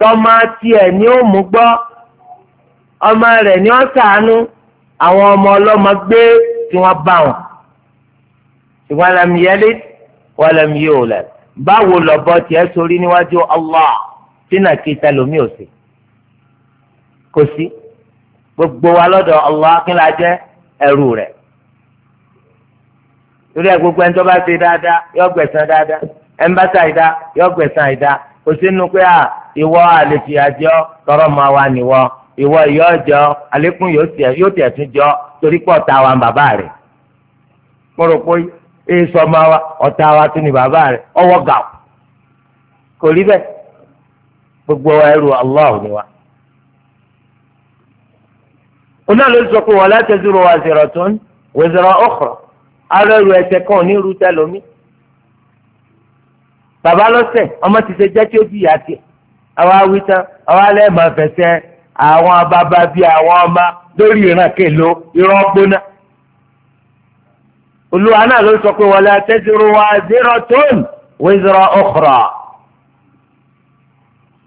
tọ́mọ tiẹ̀ ni ó mú gbọ́ ọmọ rẹ̀ ni ó sàánú àwọn ọmọ ọlọ́mọ gbé tí wọ́n bá wọn ṣùgbọ́n lam yalid wa lam yulad báwo lọ́bọ tiẹ̀ sórí níwájú Allah sínú àkíta lomi ò sí kò sí gbogbo wa lọ́dọ̀ Allah kí la jẹ́ ẹrú rẹ. torí ẹ gbogbo ẹni tó bá ṣe dáadáa yọ gbẹ̀san dáadáa ẹni bá ṣàìdá yọ gbẹ̀san àìdá kò sínú pé à tọrọ máa wà níwọ ìwọ ìyọ ọjọ jọ torí pọ̀ ta wa bàbá wa bàbá rẹ. gbogbo ẹrù oná ló sọ pé wala taziru waziratun wizra ukhra arẹ́rù ẹ̀ṣẹ̀ kan ò ní irú tẹ́lómi bàbá lọ́sẹ̀ ọmọ ti ṣe jẹ́ tí ó jìyà tiẹ̀ àwa wí tán àwa lẹ́ẹ̀ máa fẹsẹ̀ àwọn bàbá bíi àwọn ọmọ lórí ìran kèlò irọ́ gbóná olúwa náà ló sọ pé wala taziru waziratun wizra ukhra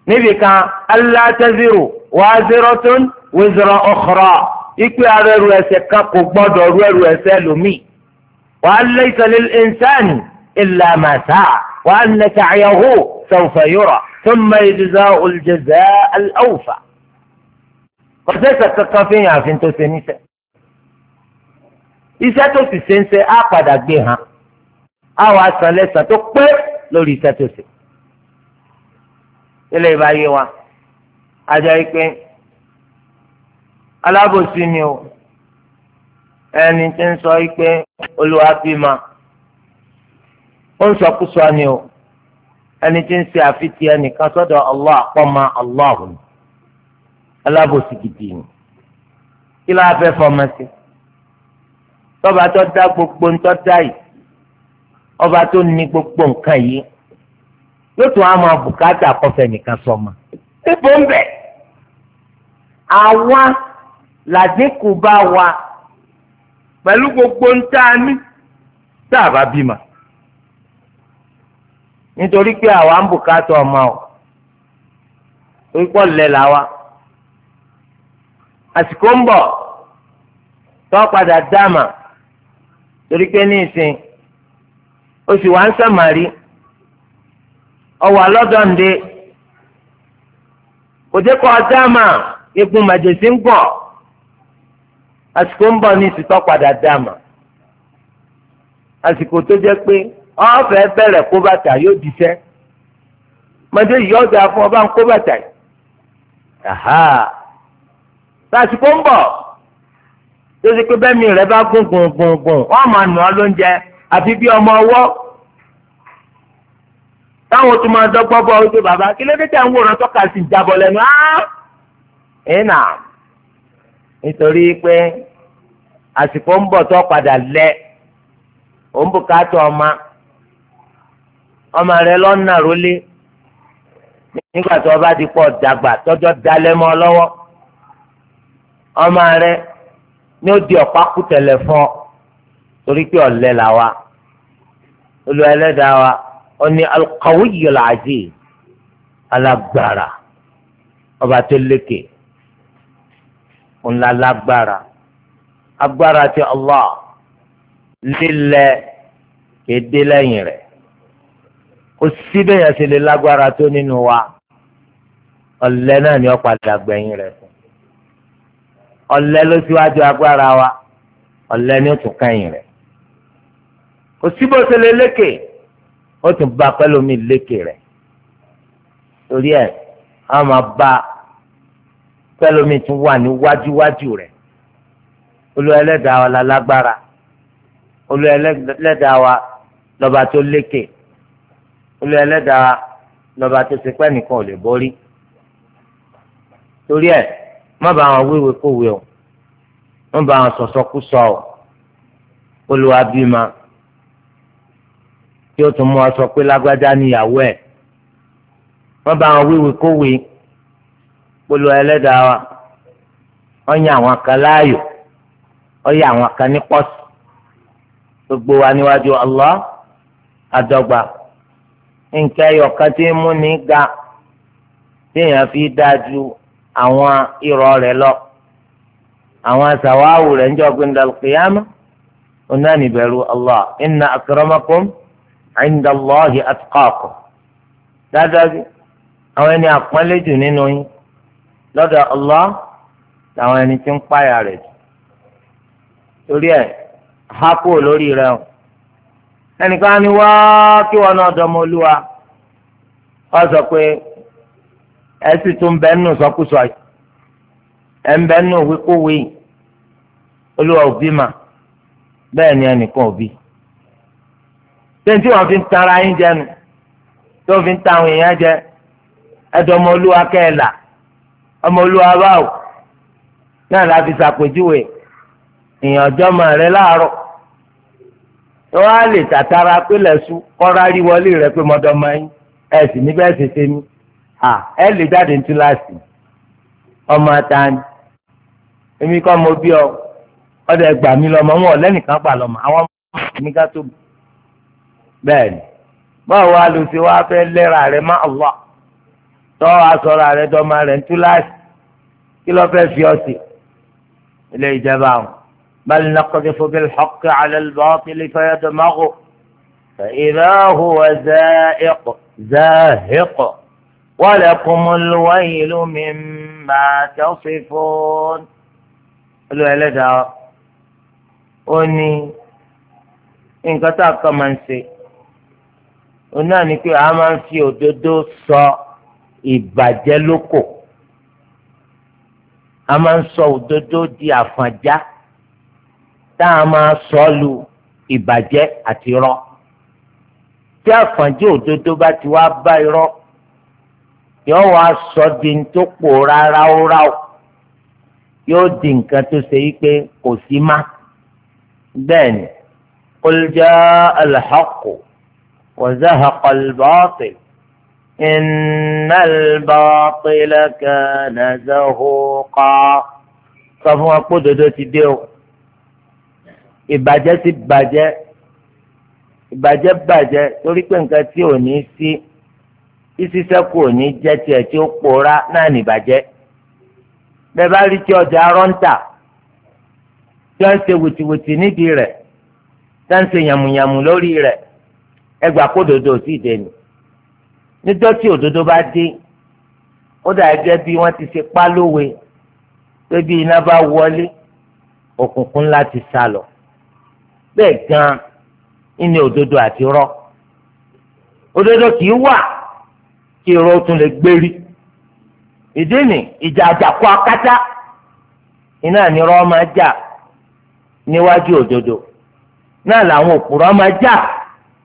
níbi kan alla taziru waziratun wíńsọ̀rọ̀ ọ̀kọ̀rọ̀ ipe ara ẹrù ẹ̀ṣẹ̀ kan kò gbọ́dọ̀ rú ẹrù ẹ̀ṣẹ̀ lómi. wa laysa lil insani illa ma sa'a wa anna sa'yahu sawfa yura thumma yujza'u al-jazaa al-awfa. kọ̀sẹ́sẹ̀ kankan fi hàn àfin tó ṣe níṣẹ́. iṣẹ́ tó sì ṣe á padà gbé hàn á wàá san lẹ́sàn pé lórí iṣẹ́ tó ṣe. ilé ìbáyé wa a jẹ́ alábòsí ni o ẹni tí ń sọ pé olúwa bímọ ó ń sọkúsọ ni o ẹni tí ń ṣe àfitì ẹnìkan sọ́dọ̀ Allah àpọmọ Allah ni alábòsí gidi ni kí ló fẹ́ fọmọ sí tọ́ba tó dá gbogbo ń tọ́ dá yìí ọba tó ní gbogbo nǹkan yìí yóò tún á máa kọfẹ nìkan sọmọ. Ibo ń Àwa làdínkù bá wa pẹ̀lú gbogbo ń tá a ní tá a bá bímọ nítorí pé àwa ń bùkátà ọmọ o orí pọ̀ lẹ́la wa àsìkò ń bọ̀ tó padà dáàmà torí pé ní ìsìn ó sì wá ń sàmàrí ọwọ́ alọ́dọ̀ǹde kò dé kọ́ dáàmà egun màjèsí ń gbọ̀. àsìkò ń bọ̀ ní ìsìtọ́ padà dàmà àsìkò tó jẹ́ pé ọ̀fẹ́ bẹ̀rẹ̀ kó bàtà yóò diṣẹ́ mọ̀dé yìí ọ̀dà fún ọba ń kó bàtà yìí àsìkò ń bọ̀ tó ṣe pé bẹ́ẹ̀ mi rẹ̀ bá gùn gùn gùn gùn wọ́n máa nù ọ́ lóúnjẹ àfi bí ọmọ ọwọ́ táwọn tó máa dọ́gbọ́ bọ́ ọ́ bàbá kí ló dé tẹ̀ ń wòran tọ́ka sí ìjábọ̀ lẹ́nu áá ẹ̀ nà. nítorí pé àsìkò ń bọ̀ tó padà lẹ òun bùkátà ọmọ ọmọ rẹ lọ́nà rólé nígbà tó ti pọ̀ dàgbà tọ́jọ́ dalẹ̀ mọ́ lọ́wọ́ ọmọ rẹ ní ó di ọ̀pá fún ọ torí pé ọ̀lẹ là wa olú ẹlẹ́dàá wa ó ní alágbára ọba ńlá lágbára agbára ti Allah lile kéde lẹ́yìn rẹ̀ kò síbẹ̀ yẹn ṣe lè lágbára tó nínú wa ọ̀lẹ náà ni ó padà gbẹ̀yìn rẹ̀ fún ọ̀lẹ ló síwájú agbára wa ọ̀lẹ ni ó tún kẹ́yìn rẹ̀ kò síbò ṣe lè lékè ó tún bá pẹ́lú mi lékè rẹ̀ torí ẹ̀ a máa bá pẹ́lómi tún wà ní wájúwájú rẹ̀ olúwa ẹlẹ́dàá wa la lágbára olúwa ẹlẹ́dàá wa lọ́ba tó lékè olúwa ẹlẹ́dàá wa lọ́ba tó ṣe pẹ́ nìkan ò lè borí torí ẹ̀ má bá wọn wéwèé kówèé o má bá wọn sọ̀sọ́kúsọ o olúwa bímọ tí ó tún mú ọ sọ pé lágbájá níyàwó ẹ̀ má bá wọn wéwèé kówèé. polo ẹlẹ́dàá wa ọ̀yàn àwọn kan láàyò ọ̀yàn àwọn kan ní gbogbo wa níwájú Allah adọgba nǹkan ẹyọkan tí ń mú ní ga téèyàn fi dájú àwọn irọ́ rẹ lọ àwọn àṣàwáwò rẹ ń jọ gbẹndàlù Allah àwọn lọ́dọ̀ Allah làwọn ẹni tí ń páyà rẹ̀ torí ẹ̀ há lórí rẹ̀ o ẹnìkan ni wá kí wọn náà dọmọ olúwa ọ sọ pé ẹ sì tún bẹ́ẹ̀ nù sọkúsọ ẹ ń bẹ́ẹ̀ nù wíkúwìí olúwa òbí mà bẹ́ẹ̀ ni ẹnìkan òbí wọn fi ń tara yín jẹ nu tó fi ń ọmọ olúwa báwò náà la fi ṣàpèjúwe èèyàn ọjọ́ máa rẹ láàárọ̀ tó wá lè tàtàrà pélé sú kọ́ra rí wọlé rẹ pé mọ́dọ́mọ́ yín ẹ sì níbẹ̀ ṣe ṣe mí ẹ lè jáde ní túláàsì ọmọ àtàní èmi kọ́ mo bí ọ ọdẹ gbà mí lọ́mọ wọn ò lẹ́nìkan gbà lọ́mọ àwọn ọmọ mi ká tó bẹ́ẹ̀ ni báwo wá lọ sí wá fẹ́ lẹ́ra rẹ má Allah. tọ́ asọ̀rọ̀ àrẹ dọ́mà rẹ̀ ń tú láti kí ló fẹ́ fi ọ́ sí ilé ìjẹba àwọn bal naqdhifu bil haqqi ala al batili fayadmaghu fa idha huwa zahiq zahiq wa mi lakumul waylu fi fún olùwà ẹlẹ́dàá ó ní nǹkan tá a kọ́ máa ń ṣe òun náà ni pé a máa ń fi òdodo sọ. So ìbàjẹ́ lóko a máa ń sọ òdodo di àfànjá tá a máa sọ lu ìbàjẹ́ àti irọ́ tí àfànjá òdodo bá ti wá bá irọ́ yóò wá sọ di tó pòórá ráúráú yóò di nǹkan tó ṣe yí pé kò sí má bẹ́ẹ̀ ni qul jaa al-haqq wa zahaqa al إن الباطل كان زهوقا sọ fún wa pé òdodo ti dé o ìbàjẹ́ ti bàjẹ́ ìbàjẹ́ bàjẹ́ torí pé nǹkan tí ò ní sí ìsísẹ́kù ò ní jẹ́ tiẹ̀ tí ó pòórá náà nìbàjẹ́ bẹ́ẹ̀ bá rí tí ọjà rọ́ńtà tí wọ́n ṣe wìtìwìtì nídìí rẹ̀ tí wọ́n ṣe yàmùyàmù lórí rẹ̀ ẹgbàá kó òdodo ò dé ni níjọ́ tí òdodo bá dé ó dà gẹ́gẹ́ bí wọ́n ti ṣe pa lówe pé bí iná bá wọlé òkùnkùn ńlá ti sá lọ bẹ́ẹ̀ gan-an ìní òdodo àti rọ́ òdodo kì í wà kí irọ́ tún lè gbérí ìdí ni ìjà àjàkú akátá iná ni irọ́ máa jà níwájú òdodo náà làwọn òpùrọ́ máa jà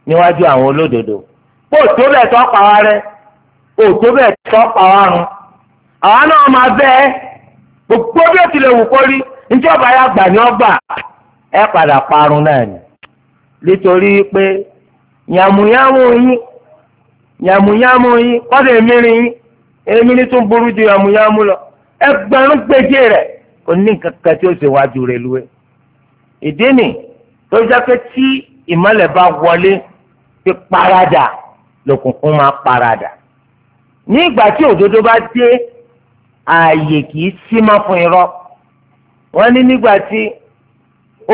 níwájú àwọn olódodo pé òtó bẹ́ẹ̀ tó pàwá rẹ òtó bẹ́ẹ̀ tó pàwá run àwa náà máa bẹ́ẹ̀ gbogbo bí ó ti lè wù ya gbà ní ọgbà ẹ padà parun náà ni nítorí pé yàmùyàmù yín yàmùyàmù yín kọ́dọ̀ èmírin yín èmírin tún burú ju yàmùyàmù lọ ẹgbẹ̀rún gbèjì rẹ̀ kò ní nǹkan kan tí ó ṣe ìdí nì tó jẹ́ pé tí ìmọ̀lẹ̀ bá wọlé lòkùnkùn máa parada ní ìgbà tí òdodo bá dé ààyè kìí sí mọ́ fún irọ́ wọ́n ní nígbà tí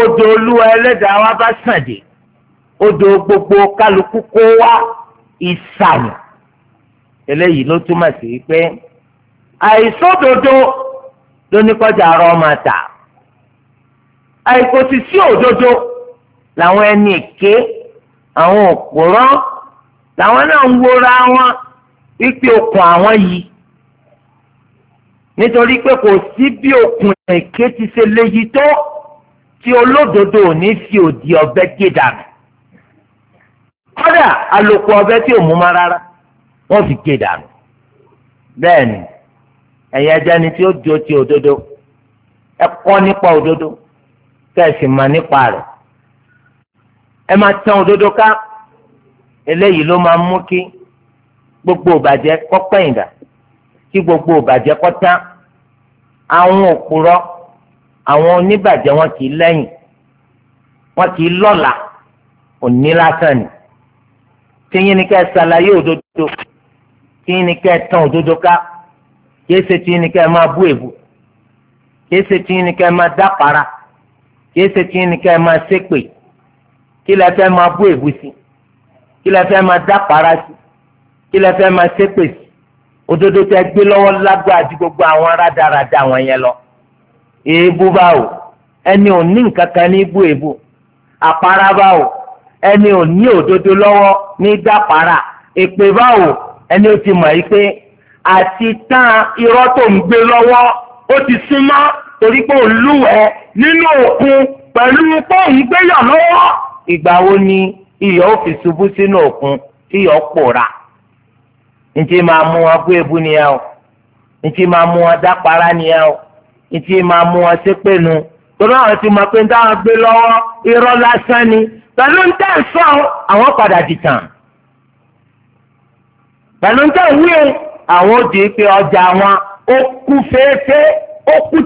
odò olúwa ẹlẹ́dàá wa bá sàn dé odò gbogbo kálukú kó wá ìsàmù eléyìí ló túmọ̀ sí pé àìsódodo ló ní kọjá ara ọmọ àtà àìkò sí òdodo làwọn ẹni èké àwọn òpòrán làwọn náà ń wora wọn wípé okùn àwọn yìí nítorí pé kò sí bí okùn èké ti ṣe léyìí tó tí olódodo ò ní fi òdì ọ̀bẹ gé dànù kódà àlòkù ọ̀bẹ tí ò mú ma rárá wọ́n fi gé dànù bẹ́ẹ̀ ni ẹ̀yin ajá ni tí ó di oti òdodo ẹ nípa òdodo kẹ́ ẹ nípa rẹ̀ ẹ máa tàn òdodo ká eléyìí ló máa mú kí gbogbo ìbàjẹ́ kó pẹ̀yìndà kí gbogbo ìbàjẹ́ kó tán àwọn òpùrọ́ àwọn oníbàjẹ́ wọn kì í lẹ́yìn wọn kì í lọ́la òní lásán ni kíyìn ni kẹ́ ẹ ṣàlàyé òdodo kíyìn ni kẹ́ ẹ tàn òdodo ká kìí ṣe tíyìn ni kẹ́ ẹ máa bú èbú kìí ṣe tíyìn ni kẹ́ ẹ máa dápara kìí ṣe tíyìn ni kẹ́ ẹ máa ṣépè kí lẹ fẹ́ máa bú èbú sí kí lẹ fẹ́ máa dá para sí kí lẹ fẹ́ máa ṣépè sí òdodo tẹ gbé lọ́wọ́ lágbára ju gbogbo àwọn rádaràda wọn yẹn lọ èébú báwo ẹni ò ní nǹkan kan ní ibú èébú àpárá báwo ẹni ò ní òdodo lọ́wọ́ ní dápárá èpè báwo ẹni ó ti mọ̀ yìí pé àti tán irọ́ tó ń gbé lọ́wọ́ ó ti súnmọ́ torí pé òun lúwẹ̀ẹ́ nínú òkun pẹ̀lú pé òun gbéyàn lọ́wọ́ ìgbà wo ni iyọ̀ ó fi ṣubú sínú òkun iyọ̀ pòórá ntí máa mú wọn gbé ebu nìyẹn o ntí máa mú wọn dápara o máa mú wọn torí àwọn ti pé ń dáhùn gbé lọ́wọ́ irọ́ lásán ni pẹ̀lú ń tẹ̀ sọ àwọn padà dìtàn pẹ̀lú ń tẹ̀ wí o àwọn òdì pé ọjà wọn ó kú fẹ́ẹ́fẹ́ ó kú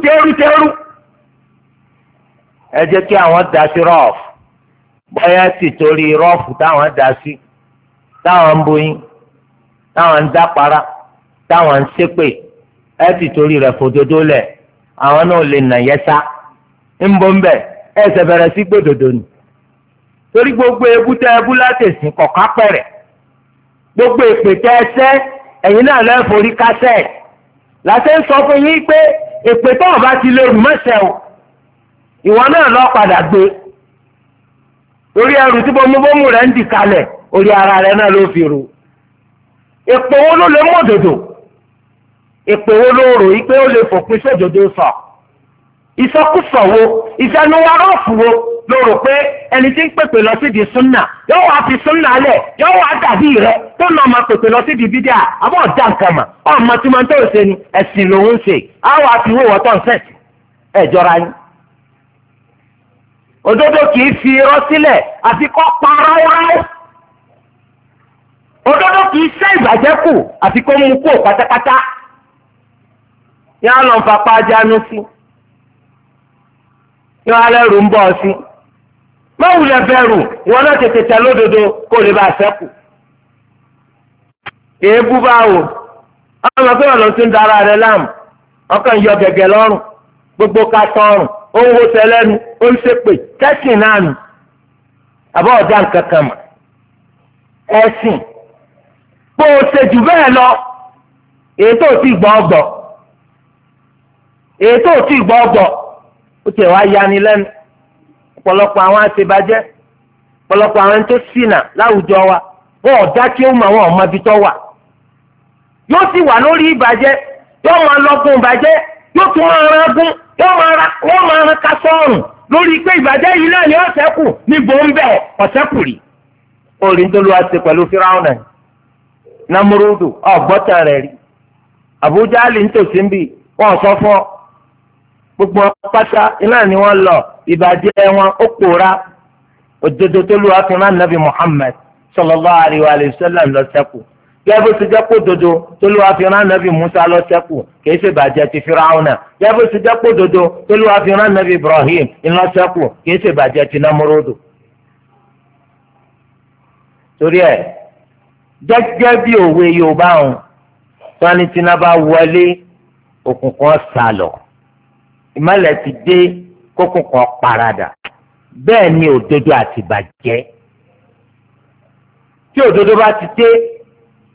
ẹ jẹ́ kí àwọn bóyá sì torí rọ́ọ̀fù táwọn dá sí táwọn ń bóyin táwọn ń dápara táwọn ń ṣépè ẹ sì torí rẹ̀ fòdodo lẹ̀ àwọn náà lè nà yẹ sá ń bọ́ ń bẹ̀ ẹ ṣe bẹ̀rẹ̀ sí gbòdòdò nù torí gbogbo ebú tẹ ebú látẹ̀sìn kọ̀ọ̀ká pẹ̀rẹ̀ gbogbo èpè tẹ ẹsẹ́ ẹ̀yin náà lọ́ọ́ forí kásẹ̀ làtẹ́ ń sọ fún yín pé èpè tó ọba ti lè rù mọ́sẹ̀ o ìwọ náà lọ́ọ́ padà gbé orí ẹrù tí bọ́múbọ́mù rẹ̀ ń dì kalẹ̀ orí ara rẹ̀ náà ló fi ru èpò wo ló lè mú òdòdó èpò wo ló rò yí pé ó lè fòpin sódòdó sọ ìsọkúsọ wo ìsẹnuwa rọ́ọ̀fù wo ló rò pé ẹni tí ń pèpè lọ sídìí súnà yóò wá fi súnà lẹ̀ yóò wá dàbí rẹ tó nà máa pèpè lọ sídìí bídíà àbọ̀ ọ̀dà nǹkan mà ọ̀mọ̀tìmọ̀tò òṣèlú ẹ̀sìn lòún ṣe àwọn àfiwé wọ́tọ̀ ń sẹ̀sì ẹ̀jọ̀ra yín òdodo kì í fi irọ́ sílẹ̀ àti kọ́ pa ráúráú òdodo kì í ṣẹ́ ìbàjẹ́ kù àti kó mú kú pátápátá yá lọ ń fapá jánu sí yọ alẹ́ rò ń bọ̀ sí mọ̀wùlẹ̀ bẹ̀rù wọn náà tètè tẹ lódodo kó lè bá a sẹ́kù èébú báwo àwọn ọmọ akẹ́wọ̀n ló ti ń dara rẹ láàmú ọkàn yọ gẹ̀gẹ̀ lọ́rùn gbogbo ká tọrùn ó ń wo sẹlẹ́nu ó ń ṣépè náà nù àbọ̀ ọ̀dà nǹkan mọ̀ ẹ̀sìn o ṣe jù bẹ́ẹ̀ lọ èyí tó ti gbọ́ ọgbọ̀ èyí tó ti gbọ́ ọgbọ̀ ó tiẹ̀ wá yani lẹ́nu ọ̀pọ̀lọpọ̀ àwọn àṣebàjẹ́ ọ̀pọ̀lọpọ̀ àwọn tó láwùjọ wa wọn ò kí ó mọ àwọn ọmọ tó wà yóò sì wà lórí ìbàjẹ́ yóò máa lórí pé ìbàjẹ́ yìí náà ni ọ̀sẹ́kù mbe ń bẹ̀ ọ̀sẹ́kù rí. orí tó lu àti pẹ̀lú fíráhùnà namurudu ọ̀gbọ́tà rẹ̀ rí àbújá lè ń tòsí bí sọ fún ọ gbogbo pátá iná ni wọn lọ ìbàjẹ́ wọn ó pòórá òdodo tó lu àfihàn nàbì Muhammad sallallahu alaihi wa gẹ́gẹ́ ti jẹ́ kó dodo tólúwa fi rán nàbì Musa lọ sẹ́kù kìí ṣe bàjẹ́ ti Firauna gẹ́gẹ́ ti jẹ́ kó dodo tólúwa fi rán nàbì Ibrahim ńlọ sẹ́kù kìí ṣe bàjẹ́ ti Namurodo. torí ẹ gẹ́gẹ́ bí òwe Yorùbá ọ̀hún tọ́ni tíná bá wọlé òkùnkùn sálọ ìmọ̀lẹ̀ ti dé kókùnkùn paradà bẹ́ẹ̀ ni òdodo àti bàjẹ́ tí òdodo bá ti dé.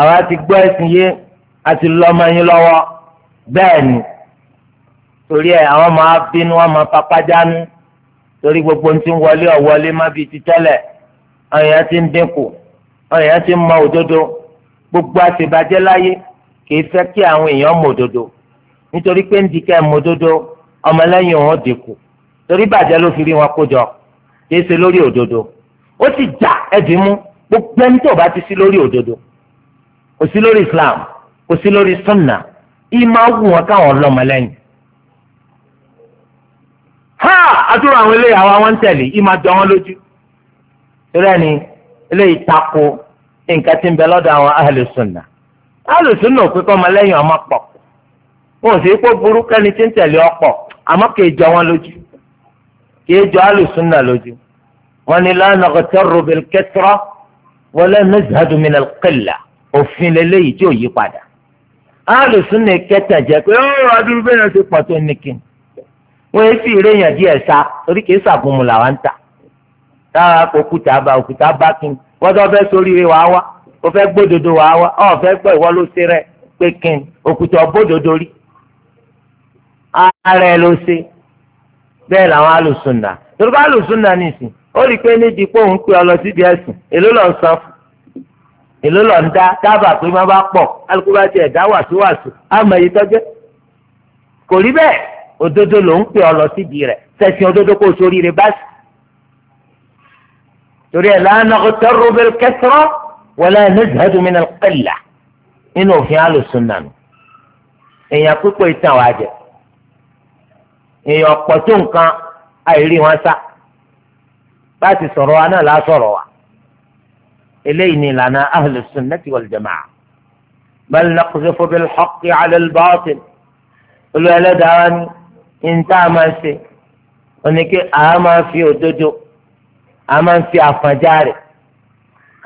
àwa ti gbọ́ ẹ̀sìn yé a ti lọ ọmọ yín lọ́wọ́ bẹ́ẹ̀ ni torí ẹ̀ àwọn máa bínú wọn máa papá jánu torí gbogbo ń ti ń wọlé ọ̀wọ́lé má bíi ti tẹ́lẹ̀ àwọn èèyàn ti ń dínkù àwọn èèyàn ti ń mọ òdodo gbogbo àṣebàjẹ́ láyé kìí fẹ́ kí àwọn èèyàn mọ òdodo nítorí pé ń dikẹ́ mọ òdodo ọmọlẹ́yìn wọn dínkù torí bàjẹ́ ló fi rí wọn kójọ kìí ṣe lórí òdodo ó ti jà ẹ̀dínmú gbogbo ẹni tó bá ti sí lórí òdodo kò sí lórí islam kò sí lórí sunna ìmọ̀ wù wọn káwọn lọ́mọ lẹ́yìn. ha àtúrò àwọn eléyà wa wọ́n ń tẹ̀lé ìmọ̀ jọ wọn lójú. ìrẹ́ ni eléyìí tako nǹkan tí ń bẹ lọ́dọ̀ àwọn ahlu sunna ahlu sunna ò pé kọ́ ọmọ lẹ́yìn ọmọ pọ̀ wọn ò sì kó burú tí ń tẹ̀lé ọ̀pọ̀ àmọ́ kì í jọ wọn lójú kì í jọ ahlu sunna lójú wọn ni la naghtarru bil kathra wala nazhadu min al òfin lélẹ́yìí tí ò yí padà alùsùn ní kẹta jẹ pé ó adúrú bẹ́ẹ̀ náà ti pọ̀ tó nìkin wọ́n yé sì réyàn díẹ̀ sá torí kìí sàbùmù làwọn ń tà táwa òkúta bá òkúta bá kí ni wọ́n tó fẹ́ sóríire wàá wá ó fẹ́ gbódodo wàá wá ó fẹ́ gbọ́ ìwọ́ ló ṣe rẹ̀ pé kí ni òkúta bódodo rí ara ẹ ló ṣe bẹ́ẹ̀ làwọn alùsùn nà torí bá alùsùn nà nìsín ó rí i pé nídìí pé òun pè ọ lọ síbi ẹ̀sìn èló lọ́ọ́ san fún èló lọ ń dá dábàá pé má bá pọ̀ alùpùpù bá tiẹ̀ dá wàsíwàsí àmọ́ èyí tọ́jú kò rí bẹ́ẹ̀ òdodo ló ń pè ọ lọ síbi rẹ̀ sẹ̀sìn òdodo kò sórí rẹ̀ bá torí ẹ̀ lánà ọ̀tẹ́rù bẹ́ẹ̀ kẹsàn-án wọlé ẹ̀nẹ́sẹ̀ẹ́dùnmínà pẹ̀lá nínú òfin alùsùn nànú èèyàn pípọ̀ ìtàn wá jẹ èèyàn ọ̀pọ̀ tó nǹkan àìrí wọn sá bá sọ̀rọ̀ wa náà lá wa إليه لنا أهل السنة والجماعة بل نقذف بالحق على الباطل قلوا يا لداني انت أماسي ونك أما في أدجو أما في أفجاري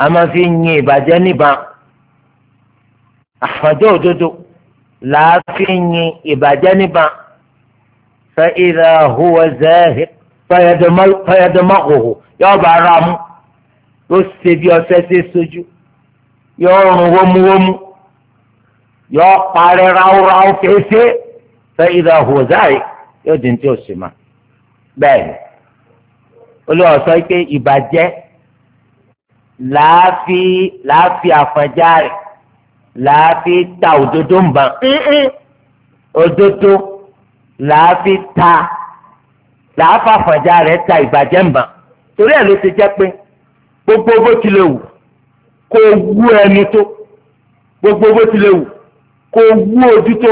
أما في نيبا جنبا أحفظوا دودو لا في إبا جنبا فإذا هو زاهق فيدمغه يا رامو yóò ṣe bí ọṣẹ ṣe sojú yóò rún wómúwómú yóò parẹ́ ráúráú kéṣe fẹ́ ìdá hùwàzáì yóò di ní tí ò sì máa bẹ́ẹ̀ ni olùwà sọ pé ìbàjẹ́ làáfi làáfi àfọ̀njá rẹ̀ làáfi ta òdodo ń bàn òdodo làáfi ta làáfi àfọ̀njá rẹ̀ ta ìbàjẹ́ ń bàn torí ẹ̀ ló ti jẹ́ pé gbogbo bó tilẹ̀ wù kó wú ẹnu tó gbogbo bó tilẹ̀ wù kó wú ojú tó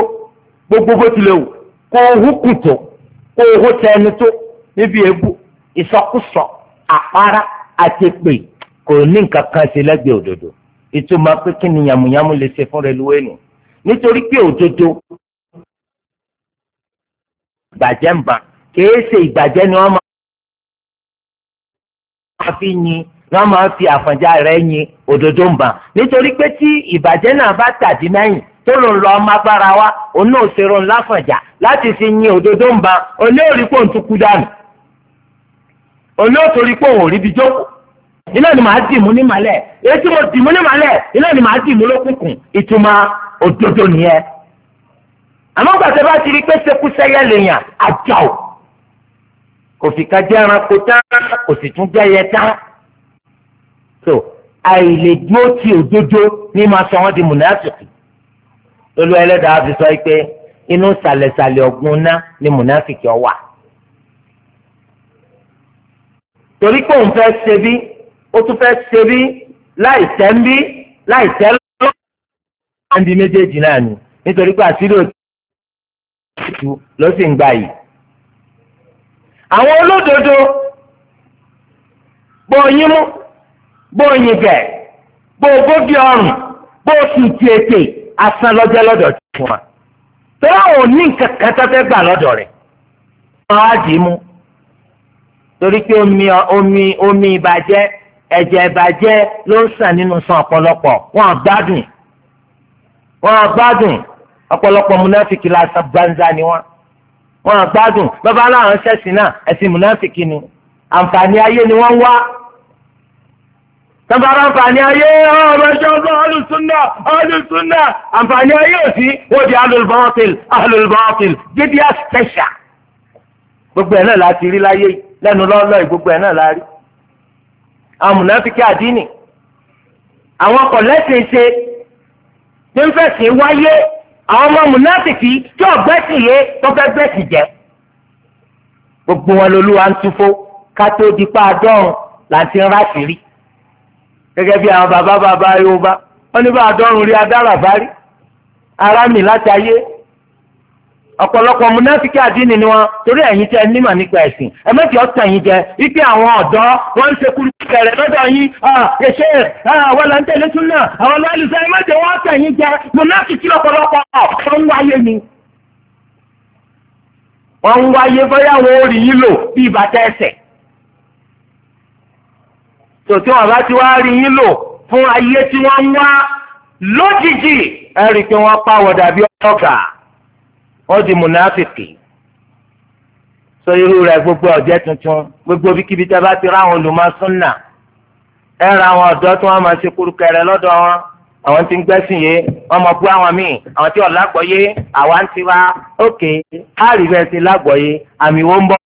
gbogbo bó tilẹ̀ wù kó hùkù tó kó hó tẹnu tó níbi èébú ìsọkúsọ àpárá àtẹpè kò ní nǹkan kan ṣe lẹ́gbẹ̀ẹ́ òdodo ìtumọ̀ pé kí ni yàmùyàmù lè ṣe fún rẹlúwẹ́ nù nítorí pé òdodo ìbàjẹ́ ń bà kìí ṣe ìbàjẹ́ ni wọ́n máa fi yin wọ́n máa fi àfọ̀njá rẹ̀ yin òdodo ń bà nítorí pé tí ìbàjẹ́ náà bá tàdí mẹ́yìn tó ló ń lọ ọmọ agbára wa òun náà ṣe ron láfọ̀njá láti fi yin òdodo ń bà òní ò rí pò ń tún kú dànù òní ò torí pò ń rí bi jókòó iná ni màá dìmú ní màlẹ̀ èyí tí mo dìmú ní màlẹ̀ iná ni màá dìmú lókùnkùn ìtumọ̀ òdodo nìyẹn àmọ́ gbàtẹ́ bá ti rí pé ṣekúṣẹyẹ lèèyàn àjàù kò fi ká ẹranko tán kò sì tún jẹ́ tán so àìlè dúró tí òjòjò ní máa sọ wọn di mùnásìkì olú ẹlẹ́dàá fi sọ pé inú sàlẹ̀sàlẹ̀ ọ̀gbun ná ni mùnásìkì ọ wà torí pé òun fẹ́ ṣe bí ó tún fẹ́ ṣe bí láì tẹ́ ń bí láì tẹ́ lọ́wọ́ máa ń di méjèèjì náà ni nítorí pé àṣírí òtún ló sì ń gbà yìí. àwọn olódodo gbọ́ yín mú bó yin gẹ̀ bó gbógi ọrùn bó sì tètè asán lọ́jọ́ lọ́dọ̀ tí wọn. tó àwọn òní nǹkan kan tó fẹ́ gbà lọ́dọ̀ rẹ̀ wọ́n á dì í mú torí pé omi omi omi ìbàjẹ́ ẹ̀jẹ̀ ìbàjẹ́ ló ń sàn nínú sàn ọ̀pọ̀lọpọ̀ wọ́n gbádùn wọ́n gbádùn ọ̀pọ̀lọpọ̀ múnáfìkì lásán gbáńzá ni wọ́n wọ́n gbádùn bàbá aláwọn ṣẹ̀sìn náà ẹ̀sìn múnáfìkì ni àǹfààní ayé ni wọ́n wá tọ́bàrà àǹfààní ayé ọmọṣẹ́ ọgbọ́n alùsùnà alùsùnà àǹfààní ayé òsì wọ́n di alùbọ́ọ̀tìl alùbọ́ọ̀tìl jíde àṣẹṣà gbogbo ẹ̀ náà láti rí láyé lẹ́nu lọ́lọ́ gbogbo ẹ̀ náà la rí. àmùnáfíkì àdínì àwọn ọkọ̀ lẹ́sìn ṣe tí ń fẹ̀sìn wáyé àwọn ọmọ àmùnáfíkì tí ọ̀gbẹ́sìn yé tọ́gbẹ́ gbẹ̀sìn jẹ́ gbogbo wọn lolúwa ń túfó ká tó di pa láti ń ráṣìírí gẹ́gẹ́ bí àwọn bàbá bàbá Yorùbá wọ́n ní bá àdọ́rùn rí adára fárí ara mi láti ayé ọ̀pọ̀lọpọ̀ munafiki àdínì ni wọn torí ẹ̀yin tẹ nímọ̀ nípa ẹ̀sìn ẹ̀mẹ́tì ọ̀tàn yìí jẹ ipe àwọn ọ̀dọ́ wọn ń ṣe kúrú kẹrẹ lọ́dọ̀ yín ẹ̀ṣẹ́ àwọn là ń tẹ̀lé tún náà àwọn lọ́ọ̀lùsọ ẹ̀mẹ́tì wọn ọ̀tàn yìí jẹ munafiki ọ̀pọ̀lọpọ̀ ọ̀ ń wáyé ni. wọ́n ń wáyé bóyá wọn ò rí yín lò bí ìbàtà ẹsẹ̀ tòtí wọn bá ti wá rí yín lò fún ayé tí wọ́n ń wá lójijì ẹ rí i pé wọ́n pàwọ̀ dàbí ọ̀gà wọ́n di mùnàfìkì sọ irú rẹ̀ gbogbo ọ̀jẹ́ tuntun gbogbo bíkíbi tẹ́ bá ti ráwọn olùmọ̀súnà ẹ ra àwọn ọ̀dọ́ tí wọ́n máa ṣe kúrúkẹrẹ lọ́dọ̀ wọn àwọn tí ń gbẹ́sìn yé wọ́n mọ̀ bú àwọn míì àwọn tí ọ̀làgbọ̀ yé àwa ń tiwa ókè á rí bẹ́ẹ̀ sí lágbọ̀ yé àmì wo ń bọ̀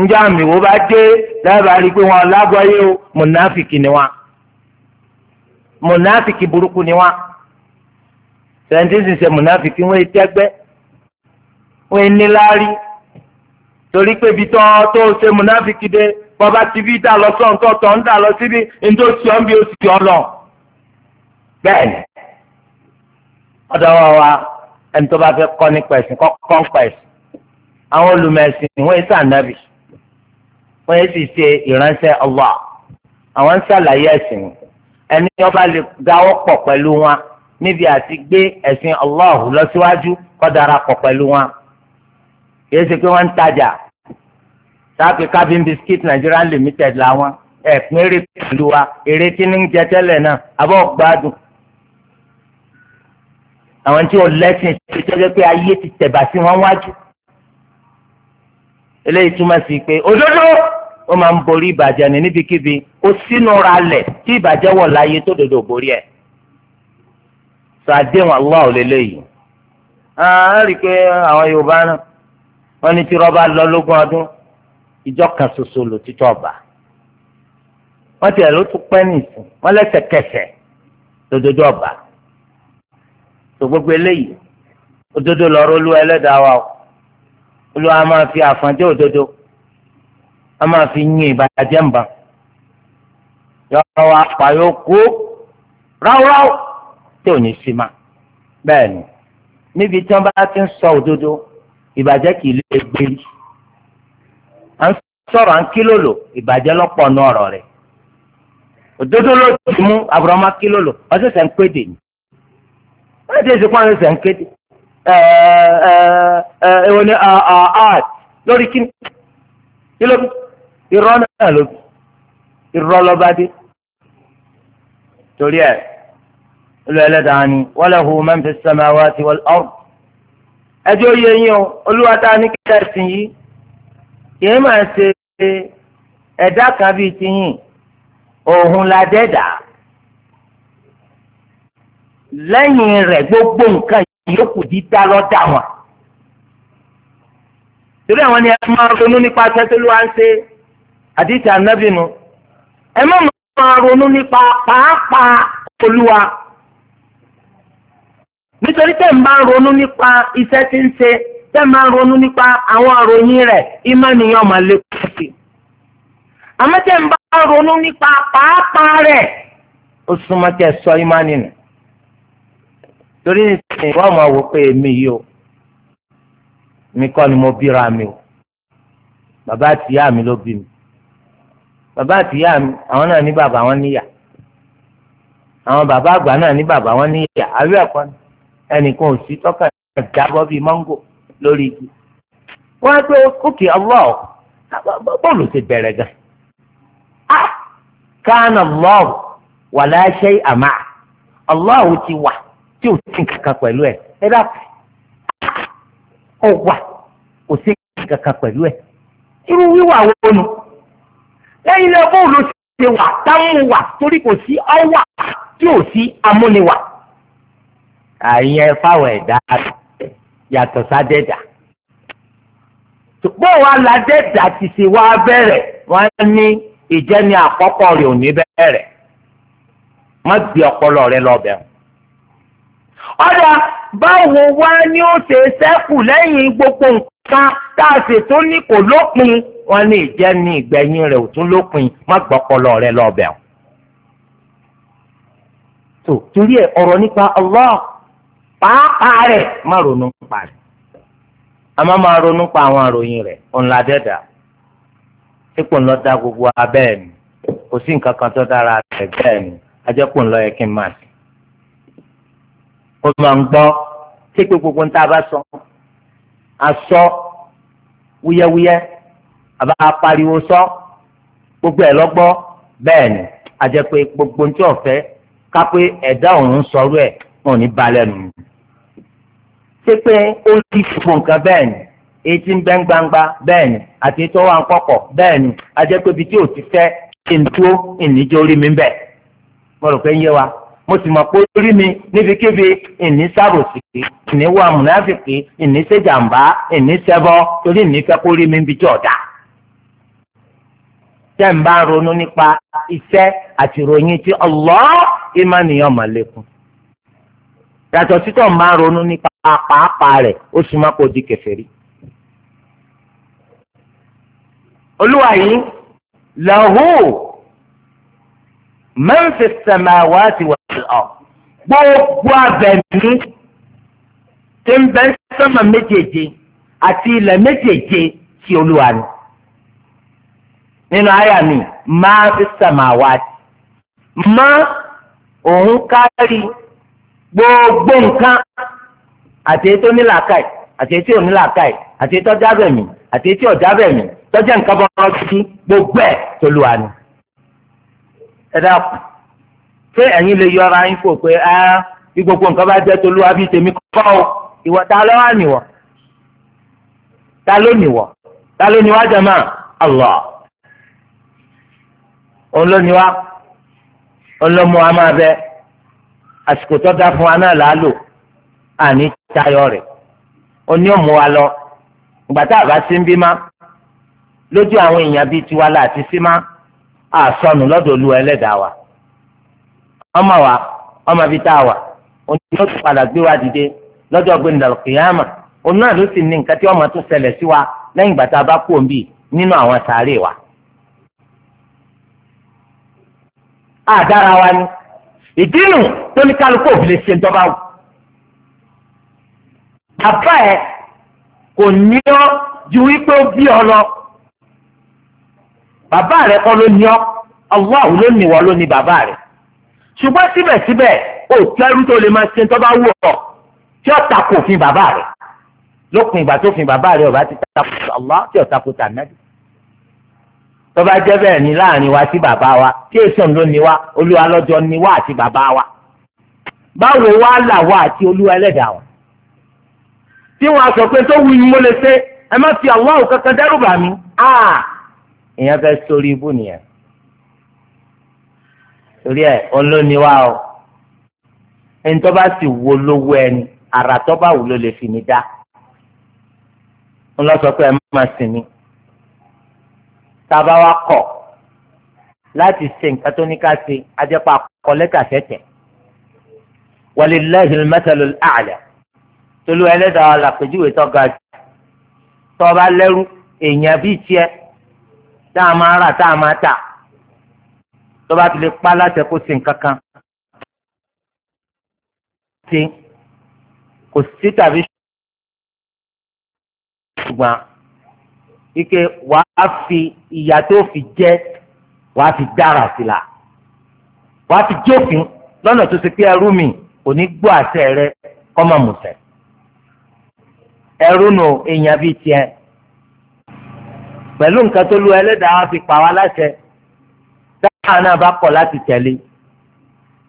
njẹ́ àmì wo ba dé lábàá rí i pé wọn lágbọ́yé o mùnáfìkì ni wọn mùnáfìkì burúkú ni wọn sẹ́ńtísì ṣe mùnáfìkì wọ́n tẹ́gbẹ́ wọ́n níláárí torí pé ibi tó tó ṣe mùnáfìkì dé bọ́ba tìbí dà lọ sọ́n tó ń dà lọ síbi ndó sí ọ́n bí ó sì ọ́ lọ. bẹ́ẹ̀ni ọ̀dọ̀ wa wa ẹni tó bá fẹ́ kọ́ nípa ẹ̀sìn kọ́ kọ́ nípa ẹ̀sìn àwọn olùmọ̀ ẹ̀sìn ìwọ̀n ìsàn nàbì wọ́n yẹ sì ṣe ìránṣẹ́ Allah àwọn ń ṣàlàyé ẹ̀sìn ẹni ọba lè dáwọ́ pọ̀ pẹ̀lú wọn níbi àti gbé ẹ̀sìn Allah lọ síwájú kó darapọ̀ pẹ̀lú wọn kìí ṣe pé wọ́n ń tajà sáàpì cabin biscuit Nigeria limited làwọn ẹ̀pín eré pẹ̀lú wa eré kíní ń jẹ tẹ́lẹ̀ náà abọ́ gbádùn àwọn tí ò lẹ́sìn ṣe jẹ́ pé ayé ti tẹ̀bà sí wọn wájú eléyìí túmọ̀ sí pé òdodo ó máa ń borí ìbàjẹ́ ní níbikíbi ó sínú ra lẹ̀ tí ìbàjẹ́ wọ̀ láyé tó dodo borí ẹ̀ sọ àdéhùn Allah lélẹ́yìí a rí i pé àwọn Yorùbá náà wọ́n ní tí rọ́bà lọ lógún ọdún ìjọ kan ṣoṣo lò títọ́ ọba wọ́n tiẹ̀ ló tún pẹ́ nìsín wọ́n lẹ́sẹ̀kẹsẹ̀ lódodo ọba tó gbogbo eléyìí òdodo lọ́rọ́ olú ẹlẹ́dàá wa o olùwà a máa fi àfọ̀njẹ́ òdodo a máa fi yín ìbàjẹ́ ń bá yọ̀ọ́ wa ráúráú tí ò ní sí ma bẹ́ẹ̀ ni níbi tí wọ́n bá ti ń sọ òdodo ìbàjẹ́ kì í lè gbé rí à ń sọ̀rọ̀ à ń kílòlò ìbàjẹ́ lọ́pọ̀ ní ọ̀rọ̀ rẹ̀ òdodo ló ti mú àbúrò ọmọ kílòlò ọ̀sẹ̀sẹ̀ ń kéde ni wọ́n ń kéde ẹ̀wọ̀n ní art lórí kí ni ló irọ́ náà ló bí irọ́ lọ́ba dé torí ẹ̀ lọ ẹlẹ́dàá ni wọ́n lẹ́hu mẹ́fì sẹ́máwá ti wọ́n ọ̀rùn ẹjọ́ yẹ yín o olúwa tá a ní kíkà ẹ̀sìn yìí kìí máa ṣe ẹ̀dá kan bíi tiyín òun la dẹ́dàá lẹ́yìn rẹ̀ gbogbo nǹkan yòókù dídá lọ́dà wọn. torí àwọn ni ẹ máa ronú nípa sẹ́tẹ́lú ń ṣe àdìsí ànábì ẹ má nípa pàápàá olúwa nítorí tẹ̀ ń bá nípa iṣẹ́ tí ń ṣe tẹ́ máa nípa àwọn àròyìn rẹ̀ ìmánìyàn máa lè kú sí. àmọ́ tẹ́ ń nípa pàápàá rẹ̀ sọ torí ìwọ ọmọ wò pé èmi yìí o mi kọ́ ni mo bíra mi o bàbá àtìyá mi ló bí mi bàbá àtìyá mi àwọn náà ní bàbá wọn níyà àwọn bàbá àgbà náà ní bàbá wọn níyà àrí ẹ̀kọ́ ni ẹnìkan ò sí tọ́ka ìjábọ́ bíi mọ́ngò lórí igi wọ́n á pé òkè ọlọ́ọ̀ bọ́ọ̀lù ti bẹ̀rẹ̀ gan a kánà lọ́ọ̀ wà láṣẹ àmà ọlọ́ọ̀ ti wà tí ò sí kankan pẹ̀lú ẹ̀ ẹ dàpọ̀ ọ wà kò sí kankan pẹ̀lú ẹ̀ irú wíwà wo nu lẹ́yìn náà bóòlù ṣe wà táwọn wà torí kò sí ọwà tí ò sí amúniwà àyẹn fáwọn ẹ̀dá yàtọ̀ sádẹ́dà bó wa la dẹ́dà ti ṣe wá bẹ̀rẹ̀ wọ́n ní ìjẹ́ni àkọ́kọ́ rẹ̀ ò ní bẹ̀rẹ̀ má gbé ọpọlọ rẹ lọ bẹ̀rẹ̀ ọ̀dà báwo wá ni ó ṣe ṣẹ́kù lẹ́yìn gbogbo nǹkan tá a sì tún ní kò lópin wọn ní ìjẹ́ ní ìgbẹ̀yìn rẹ̀ ò tún lópin má gbọ́pọlọ rẹ lọ́bẹ̀ tó torí ẹ ọ̀rọ̀ nípa Allah pàápàá rẹ̀ má ronú pa rẹ̀ àmọ́ máa ronú pa àwọn àròyìn rẹ̀ ònlá dẹ́dà ńlọ da gbogbo abẹ́ẹ̀ ni kò sí nǹkan kan tó dára rẹ̀ bẹ́ẹ̀ ni ajẹ́pò ńlọ yẹ kí n máa ṣe kó máa ń gbọ́ ṣé pé gbogbo ń tá a bá sọ asọ wúyẹwúyẹ àbá apariwo sọ gbogbo ẹ̀ lọ́gbọ́ bẹ́ẹ̀ ni àjẹ́ pé gbogbo ní ọ̀fẹ́ ká pé ẹ̀dá ọ̀run sọrú ẹ̀ wọn ò ní balẹ̀ nù. ṣé pé ó ti fò nǹkan bẹ́ẹ̀ ni etí ń bẹ́ ń gbangba bẹ́ẹ̀ ni àti ètò wa ń kọ̀kọ̀ bẹ́ẹ̀ ni àjẹ́ pé ibi tí ò ti fẹ́ kí n dúró ìníjó rí mi bẹ́ẹ̀ mo rò pé ń yé wa mo sì mọ̀ pé orí mi níbikíbi ìní sábòsìkì ìní wà múnáfìkì ìní ṣèjàmbá ìní ṣẹbọ torí ìní fẹ́ kó rí mi ń bi ọ̀dà. tẹ́ ń bá ronú nípa iṣẹ́ àti ìròyìn tí Allah ìmánìyàn màlẹ́kùn. yàtọ̀ títọ̀ ń bá ronú nípa pàápàá rẹ̀ ó sì máa kó di kèfèrí. olúwa yìí làhùn. man fi samawati wal ard gbogbo abẹ̀mí tí ń bẹ sánmà méjèèje àti ilẹ̀ méjèèje tí olúwa ni nínú àyà mi máa fi samawati má òun kárí gbogbo nǹkan àti ètò onílàákàyè àti ètò onílàákàyè àti ètò ọjàbẹ̀mí àti ètò ọjàbẹ̀mí tọ́jà nǹkan bọ́ọ̀rọ̀ títí gbogbo ẹ̀ tolúwa ni ẹ dákun ṣé ẹ̀yin lè yọra yín kó pé á bí gbogbo nǹkan bá jẹ́ tolúwa bíi tèmi kọ́ ọ ìwọ ta ló wà níwọ̀ ta ló níwọ̀ ta ló níwọ̀ jẹ́mọ́ Allah òun ló níwọ̀ òun ló mú wa máa bẹ àsìkò tó dá fún wa náà là á lò àní tayọ rẹ̀ ó ní òmù wa lọ ìgbà tá sí ń bí lójú àwọn èèyàn bíi tiwa láti sí má. àsọnù lọ́dọ̀ olúwa wa ọmọ wa ọmọ bíi tá a wa, òun yóò tún padà gbé wa dìde lọ́jọ́ ndị kìyàmà òun náà sì ní nǹkan tí ọmọ tún ṣẹlẹ̀ sí wa lẹ́yìn ìgbà bá kú òun bì nínú àwọn sàárè wa. àdára wa ni ìdínú tó ní kálukú òfin lè ṣe ju wípé ó bí bàbá rẹ kọ́ ló ní ọ́ Allah ló ní wọ́n ló ní bàbá rẹ ṣùgbọ́n síbẹ̀síbẹ̀ o tẹ́rú tó lè máa ṣe tó bá wù ọ́ tí ó takò òfin bàbá rẹ lópin ìgbà tó fin bàbá rẹ ọba ti takò Allah tí ó takò tànàdì tó bá jẹ́ bẹ́ẹ̀ ni láàrin wa sí bàbá wa tí èso ló ní wa olúwa lọ́jọ́ ní wa àti bàbá wa báwo wá là wa àti olúwa ẹlẹ́dàá wa tí wọ́n sọ pé tó wù yín mo lè ṣe ẹ má fi Allah kankan dẹ́rù bà mí ah! ìyẹn fẹ́ sórí ibú nìyẹn torí ẹ olóníwá o ẹni tó bá sì wo lówó ẹni àrà tó bá wù ló lè fi ní dá ń lọ sọ pé ẹ má sinmi tá a bá wá láti ṣe nǹkan tó ní ká ṣe ajẹ́pà kọ́lẹ́tà fẹ́tẹ̀ walillahi al-mathalul a'la tolú ẹlẹ́dàá làpèjúwe tó ga jù tó bá lẹ́rú èèyàn bíi tiẹ̀ tá a máa rà tá a máa tà tó bá ti lè pa láṣẹ kó sin kankan ti kò sí tàbí ṣùgbọ́n ike wàá fi ìyà tó fi jẹ́ wàá fi dára sí la wàá fi jófin lọ́nà tó ti pé ẹrú mi kò ní gbọ́ àṣẹ rẹ kọ́ ẹrú nù èèyàn bíi tiẹ̀ pẹ̀lú nǹkan tó lu ẹlẹ́dàá wa fi pa wá láṣẹ táwọn náà bá kọ̀ láti tẹ̀lé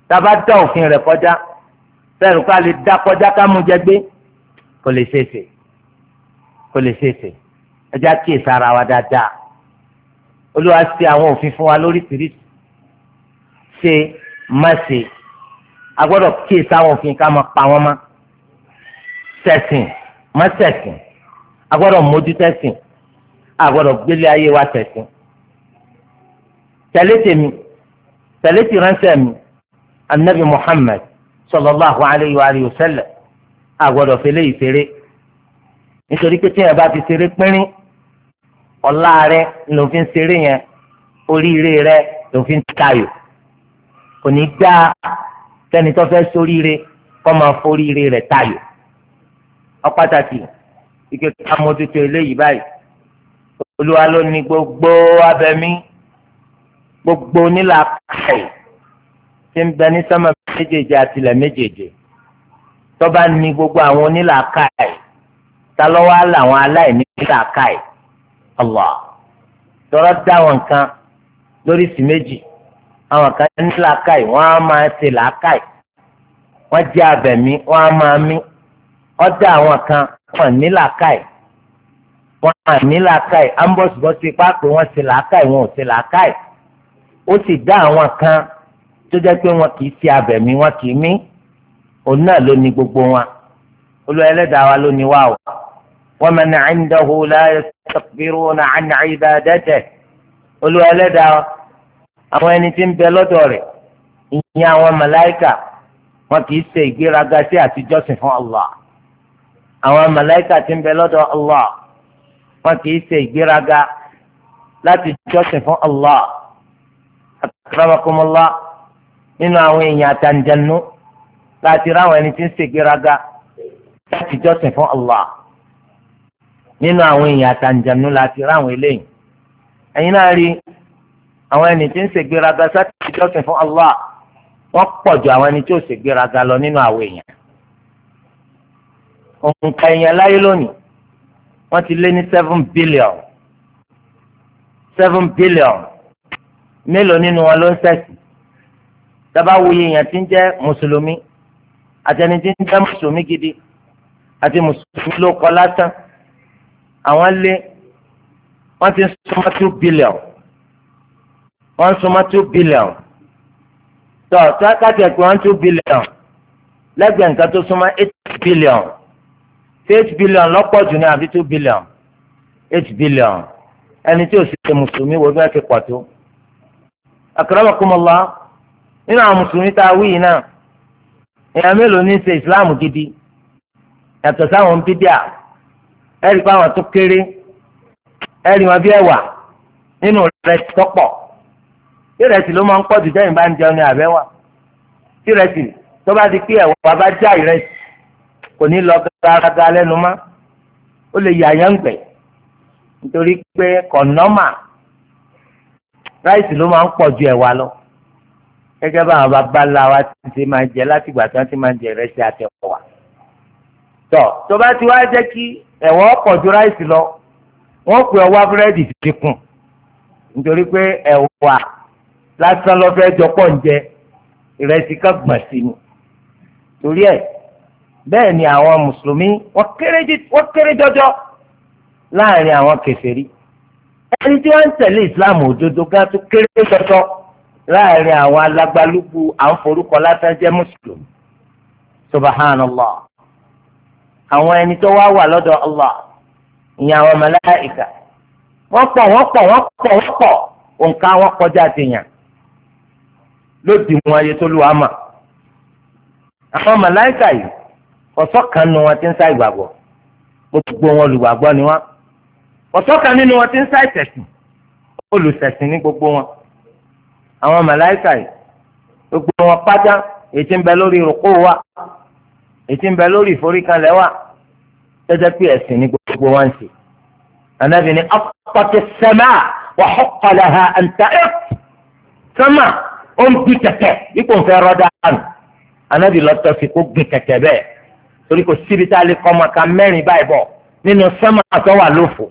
tába dá òfin rẹ̀ kọjá sẹ́nu ká lè dá kọjá ká mú jẹ gbé kò lè ṣèṣe kò lè ṣèṣe ẹjá kíyèsí ara wa dáadáa olúwa ṣe àwọn òfin fún wa lóríṣiríṣi ṣe má ṣe a gbọ́dọ̀ kíyèsí àwọn òfin ká máa pa wọ́n má ṣẹ̀sìn má ṣẹ̀sìn a gbọ́dọ̀ mójútẹ́sìn àgbọ̀dọ̀ gbélé ayé wa tẹ̀sìn tẹ̀lé tèmi tẹ̀lé ti ránṣẹ́ mi anabi muhammed sallallahu alayhi wa alihi wa sallam àgbọ̀dọ̀ fẹlẹ́ ìfẹ́rẹ́ nítorí pé tíyẹn bá ti ṣeré pínrín ọ̀la rẹ ló fi ń ṣeré yẹn oríire rẹ ló fi ń tayò kò ní dáa sẹ́ni tó fẹ́ sóríire kọ́ máa foríire rẹ̀ tayò ó pàtàkì ike ká mójútó eléyìí báyìí olúwa ló ní gbogbo abẹ̀mí gbogbo nílà kàì tí ń bẹ ní sánmà méjèèjì àtìlẹ̀ méjèèjì tọ́ba ní gbogbo àwọn onílà kàì làwọn aláìní nílà kàì Allah tọrọ dá wọn kan lórí sí méjì àwọn kan ní làákàì wọn á máa ṣe làákàì wọn jẹ abẹ̀mí wọn á máa mí ọdẹ àwọn kan wọn ní wọn àní làákàyè ambọ̀sibọ́sí pápẹ́ wọn ṣe làákàyè wọn ò ṣe làákàyè ó sì dá àwọn kan tó jẹ́ pé wọn kì í ṣe abẹ̀mí wọn kì í mí òun náà ló ní gbogbo wọn olùwà ẹlẹ́dàá wa ló ní wá o wa man indahu la yastakbiruna an ibadatihi olùwà ẹlẹ́dàá àwọn ẹni tí ń bẹ lọ́dọ̀ rẹ̀ ìyẹn àwọn màláìkà wọn kì í ṣe ìgbéraga sí àtijọ́sìn fún Allah àwọn màláìkà ti ń bẹ lọ́dọ̀ Allah. wọn kì í ṣe ìgbéraga láti jọ́sìn fún Allah akramakumullah nínú àwọn èèyàn àtàǹjẹ̀nu láti ráwọn ẹni tí ń ṣe ìgbéraga láti jọ́sìn fún Allah nínú àwọn èèyàn àtàǹjẹ̀nu láti ráwọn eléyìí ẹ̀yin náà rí àwọn ẹni tí ń ṣe ìgbéraga láti jọ́sìn fún Allah wọ́n pọ̀ ju àwọn ẹni tí ò ṣe ìgbéraga lọ nínú àwọn èèyàn òǹkà èèyàn láyé lónìí wọ́n ti lé ní seven billion seven billion mélòó nínú wọn ló ń ṣẹ̀sìn dábàá wuyi yẹn ti ń jẹ́ mùsùlùmí àtẹni ti ń jẹ́ mùsùlùmí gidi àti mùsùlùmí ló kọ lásán àwọn lé wọ́n ti ń súnmọ́ two billion wọ́n ń súnmọ́ two billion tó tó káàkiri pé wọ́n two billion lẹ́gbẹ̀ẹ́ nǹkan tó súnmọ́ eight billion ṣé eight billion lọ́pọ̀ jù ní àbí two billion eight billion ẹni tí ò sì ṣe mùsùlùmí wo bí wọ́n ti pọ̀ tó. akramakumullah nínú àwọn mùsùlùmí tá a wí yìí náà èèyàn mélòó ní ṣe islam gidi yàtọ̀ sáwọn bídíà ẹ̀rí pa àwọn tó kéré ẹ̀rí wọn bí ẹ̀wà nínú rẹ̀ tọ́pọ̀ ìrẹsì ló máa ń pọ̀ jù jẹ́yìn bá ń jẹun ní àbẹ́wà ìrẹsì tó bá di pé ẹ̀wà bá já ìrẹsì kò ní lọ gàgàgà lẹ́nu mọ́ ó lè yà yán gbẹ̀ nítorí pé kọ̀nọ́mà ráìsì ló máa ń pọ̀ ju ẹ̀wà lọ gẹ́gẹ́ bá àwọn bàbá ńlá wa ti ṣe máa jẹ láti ìgbà tí wọ́n ti máa jẹ ìrẹsì àtẹ̀wà tọ̀ tó bá ti wá jẹ́ kí ẹ̀wà pọ̀ ju ráìsì lọ wọ́n pè ọwọ́ búrẹ́dì ti kùn nítorí pé ẹ̀wà lásán lọ́fẹ́ jọpọ̀ ń jẹ ìrẹsì kan gbọ̀n sí ni torí ẹ̀ bẹ́ẹ̀ ni àwọn mùsùlùmí wọ́n kéré jọjọ láàrin àwọn kèfèrí ẹni tí wọ́n ń tẹ̀lé islam òdodo gan tó kéré jọjọ láàrin àwọn alágbálúgbú àǹforúkọ lásán jẹ́ mùsùlùmí subhanallah àwọn ẹni tó wá wà lọ́dọ̀ allah ìyẹn àwọn màláíkà wọ́n pọ̀ wọ́n pọ̀ wọ́n pọ̀ wọ́n pọ̀ òǹkà wọn kọjá tèèyàn ló wọn ayé tó lù wá mà àwọn màláíkà yìí ọ̀sọ́ kan nínú wọn ti ń sá ìgbàgbọ́ gbogbo wọn olùgbàgbọ́ ni wọn ọ̀sọ́ kan nínú wọn ti ń sá ìṣẹ̀sìn olùṣẹ̀sìn ní gbogbo wọn àwọn màláìkà yìí gbogbo wọn pátá ètí ń bẹ lórí rúkú wa ètí ń bẹ lórí ìforíkanlẹ̀ wa tẹ́tẹ́ pé ẹ̀sìn ní gbogbo wọn ṣe ànábì ní apàtẹ sẹ́mà wà hókàlà ha àǹtà ẹ̀ sẹ́mà ó ń gbin kẹ̀kẹ́ ipò ń fẹ́ rọ́dà ànábì lọ́tọ́ sí kó gbin kẹ̀kẹ́ bẹ́ẹ̀ torí kò síbi tá a lè kọ́ ọmọ kan mẹ́rin báyìí bọ̀ nínú sánmà tó wà lófo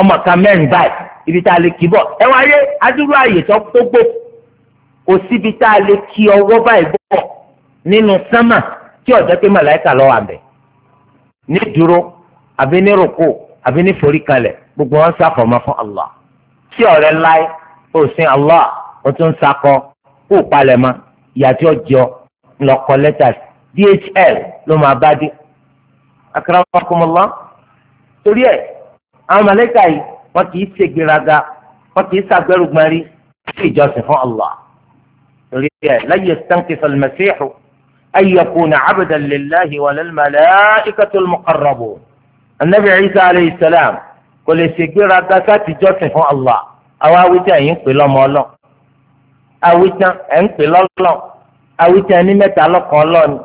ọmọ kan mẹ́rin báyìí ibi tá a lè kí bọ̀ ẹ wá yé adúrú àyè tó gbogbo kò síbi tá a lè kí ọwọ́ báyìí bọ̀ nínú sánmà tí ọ̀jọ́ pé màláìka lọ́wọ́ àbẹ̀ ní dúró àbí ní rògbò àbí ní foríkalẹ̀ gbogbo wọn sàfọ̀mọ́ fún Allah tí ọ̀rẹ́ láì ó Allah ó tún sakọ kó palẹ̀ mọ́ ìyá tí ó DHL ló máa bá dé akramakumullah torí ẹ àwọn màlàíkà yìí wọn kì í ṣe gbéraga wọn kì í ṣàgbẹrùgbọn rí sí ìjọsìn fún Allah torí ẹ lan yastankifa al-masihu an yakuna abdan lillahi wa lil malaikati al-muqarrabun anabi isa alayhi salam kò lè ṣe gbéraga sáti jọ́sìn fún Allah àwa awítẹ́ ẹ̀yìn pè lọ́mọ ọlọ́ awítẹ́ ẹ̀ ń pè lọ́lọ́ awítẹ́ ẹni mẹ́ta lọ́kàn ọlọ́ni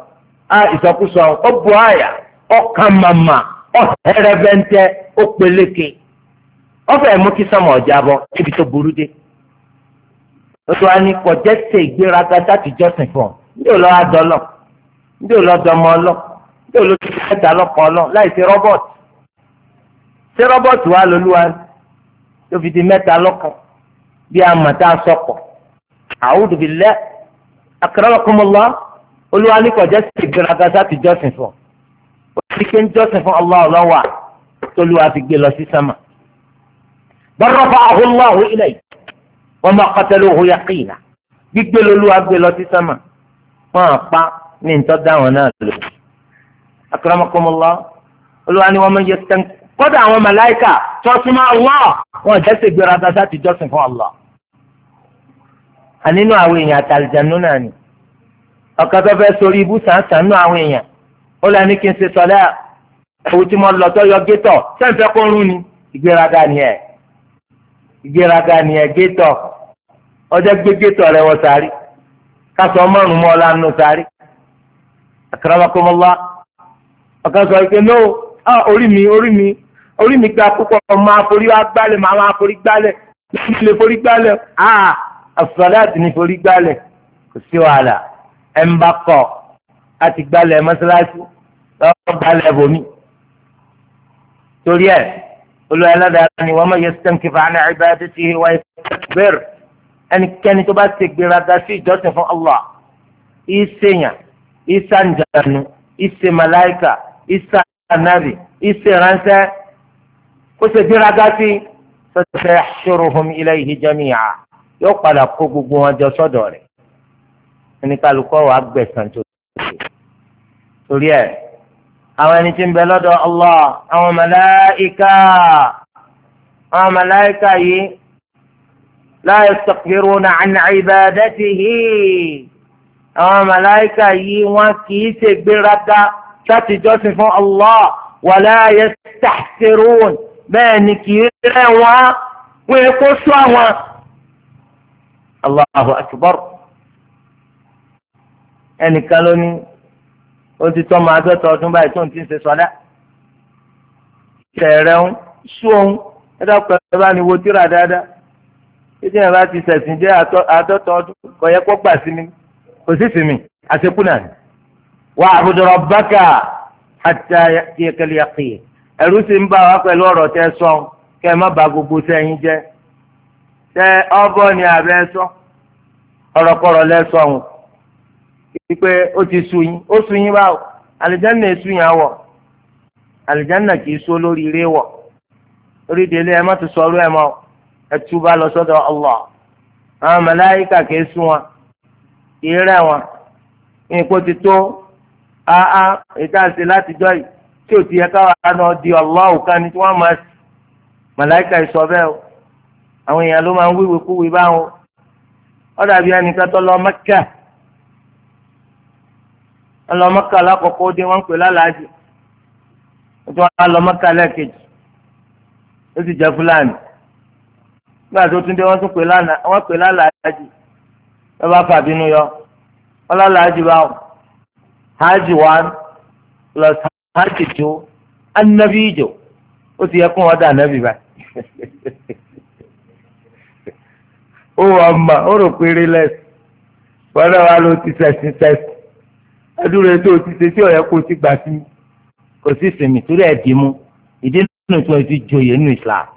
a ìsọkúsọ ó bu àyà ọ ka màmá ó ọ ó peléke ó fẹ́ mú kí sọmọ ọjà ibi tó burú dé ṣe ìgbéraga láti jọ́sìn fún ọ ní adọlọ ní dọmọ ọlọ ní ò ọlọ láì ṣe rọbọtì ṣé rọbọtì wa lolúwa tó fi di mẹ́ta bí a olúwa ní kọjá sí ìgbéraga ti jọ́sìn fún ọ ti ké ń jọ́sìn fún Allah ọlọ́wà tólúwa fi gbé lọ sí sámà bal rafa'ahu Allahu ilayhi wa ma qataluhu yaqina gbígbé lolúwa gbé lọ sí sámà wọn àpá ní ntọ́ dáhùn náà lò akramakumullah olúwa ni wọ́n máa yẹ sẹ́ńkù kódà àwọn màláìkà tọ́sùmọ́ Allah wọn jẹ́ sí ìgbéraga ti jọ́sìn fún Allah ànínú ọ̀kan fẹ́ sórí ibu sàǹsàn nú àwọn èèyàn ó lẹ́ni kí n ṣe sọ́lá ẹ̀wù tí mo lọ yọ gétọ̀ sẹ́ǹfẹ́ kó ni ìgbéraga ni ẹ̀ ìgbéraga ni ẹ̀ gétọ̀ ọjọ́ gbé gétọ̀ wọ márùn-ún mọ́ ọ̀la nù àkàràmàkọ́mọ́lá orí mi orí mi orí mi gba púpọ̀ gbálẹ̀ gbálẹ̀ forí gbálẹ̀ àà àti ní forí gbálẹ̀ kò sí wàhálà. ẹ̀ ń bá kọ̀ láti gbalẹ̀ mọ́sálásí lọ́wọ́ gbalẹ̀ bòmí. torí ẹ̀ olùwà ẹlẹ́dàá ni wọ́n máa yẹ sẹ́ńkì fàánà ibadatihi wa bẹ́ẹ̀rẹ̀ ẹnikẹ́ni tó bá ti gbéraga sí ìjọsìn fún Allah ìsèyàn ìsànjànù ìsè màláìkà ìsà ìsè ránṣẹ́ kó ṣe gbéraga sí sọ́dọ̀ ṣòro fún mi ilayhi yóò padà kó gbogbo wọn jọ sọ́dọ̀ rẹ̀ oníkálukọ́ wa gbẹ̀sán tó ṣe torí ẹ̀ àwọn ẹni tí ń bẹ lọ́dọ̀ Allah àwọn màláíkà àwọn màláíkà yìí la yastakbiruna an ibadatihi àwọn màláíkà yìí wọn kì í ṣe gbéraga láti jọ́sìn fún Allah wala yastahsirun bẹ́ẹ̀ ni kì í rẹ̀ wọ́n wọ́n kó sọ àwọn. Allahu akbar. ẹnìkan lóní o ti tọ́ máa tọ́tọ́ ọdún báyìí tó ń ti ń ṣe sọ́dá tẹ̀rẹ̀ ń sú òun ẹ̀dá pẹ̀lú bá ní wo tíra dáadáa títí yẹn bá ti sẹ̀sìn jẹ́ àtọ́tọ́ ọdún kò yẹ kó gbà sí mi kò sí sí mi àṣekú náà ni. wà á bákà àtà ẹ̀rú sì ń bá wa pẹ̀lú ọ̀rọ̀ sọ kẹ́ ẹ wípé ó ti sú yín ó sú yín báwo àlìjáná èsú yín àwọ̀ àlìjáná kì lórí ilé wọ̀ orí délé ẹ má ti sọ̀rọ̀ ẹ ẹ túbà lọ sọ́dọ̀ Allah àwọn màláíkà kì í sú wọn kì í rẹ̀ wọn nǹkó ti tó áá ìdáhùnsí látijọ́ yìí tí ò ti yẹ káwa náà di Allah kan ní tí wọ́n máa sì màláíkà ìsọ bẹ́ẹ̀ o àwọn èèyàn ló máa ń wíwèé kúwèé báwọn ó dàbí ẹnìkan tó lọ Mẹ́kà. ọlọmọkà alákọ̀ọ́kọ́ dé wọ́n pè lálàájì wọ́n ti wọ́n ó sì jẹ́ fúlàní nígbà tó tún dé wọ́n tún pè lálàájì wọ́n bá fàbínú yọ ọlọ́làájì bá hajj one plus hajj two anabi ìjọ ó ti yẹ kó wọ́n dà anabi báyìí *laughs* ó wà mà ó rò péré lẹ́sìn wọ́n náà wà ló ti ẹdúró tó o ti ṣe sí ọ̀yẹ́ kó o ti gbà sí kò sí sinmi torí ẹ̀ dì mú ìdí nínú tí wọ́n ti joyè nínú Islam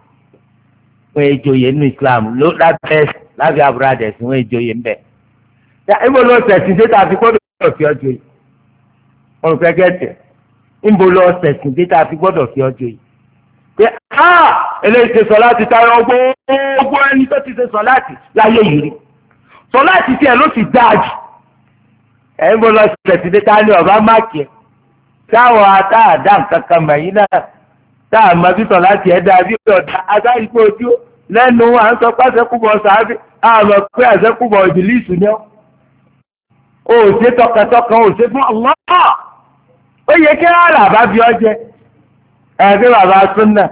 wọ́n yẹ joyè nínú Islam ló lábẹ́ lábẹ́ abúradẹ̀ sí wọ́n yẹ joyè ńbẹ̀. ibo lọ sẹ̀sìn dé tàbí gbọ́dọ̀ fi ọjọ́ yìí wọ́n fẹ́ gẹ̀ẹ́tẹ̀ ibo lọ sẹ̀sìn dé tàbí gbọ́dọ̀ fi ọjọ́ yìí pé a eléyìí ṣe sọ láti tayọ gbogbo ẹni tó ti ṣe sọ láti láyé yìí rí sọ láti tiẹ̀ ló ti dáa jù ẹ̀ lọ sẹ̀tìdé ká ní ọ̀bá máàkì ẹ̀ táwọn atáàdá nǹkan kan mọ̀ yín náà táà mọ bísọ̀ láti ẹ̀dá bí ọ̀dà agbáyìí pé ojú lẹ́nu à ń sọ pé àṣẹkùbọ̀ sàábì àmọ̀ pé àṣẹkùbọ̀ ìbílísù ni o ṣe tọkàntọkàn o ṣe fún ọlọ́ọ̀ ó yẹ kí ara bá jẹ bàbá súnà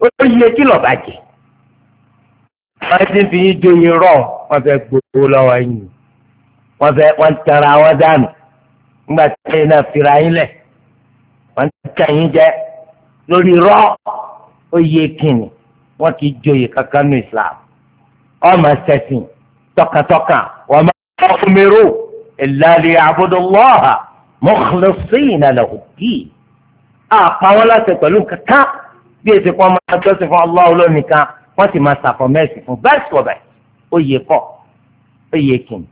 ó yẹ kí lọ́ọ́ bàjẹ́ wọ́n ti fi yín jó yín rọ̀ wọ́n fẹ́ gbogbo lọ́wọ́ yín wọ́n fẹ́ wọ́n tara wọn dànù nígbà tí ẹ̀yin náà fira yín lẹ̀ wọ́n tẹ̀ yín jẹ lórí rọ́ ó yẹ kíni wọ́n kì í joyè kankan ní Islam ọmọ sẹ́sìn tọkàntọkàn wọ́n máa fún mi rò ìlàlẹ̀ àbúdọ̀lọ́hà mọ̀kànlẹ́sìn ìnàlẹ̀ òdì àpá wọn láti pẹ̀lú kankan bí èsì kan máa jọ́sìn fún Allah olónìkan wọ́n sì máa sàfọ̀ mẹ́sì fún bẹ́ẹ̀ sọ̀bẹ̀ ó yẹ kọ́ ó yẹ kìnnì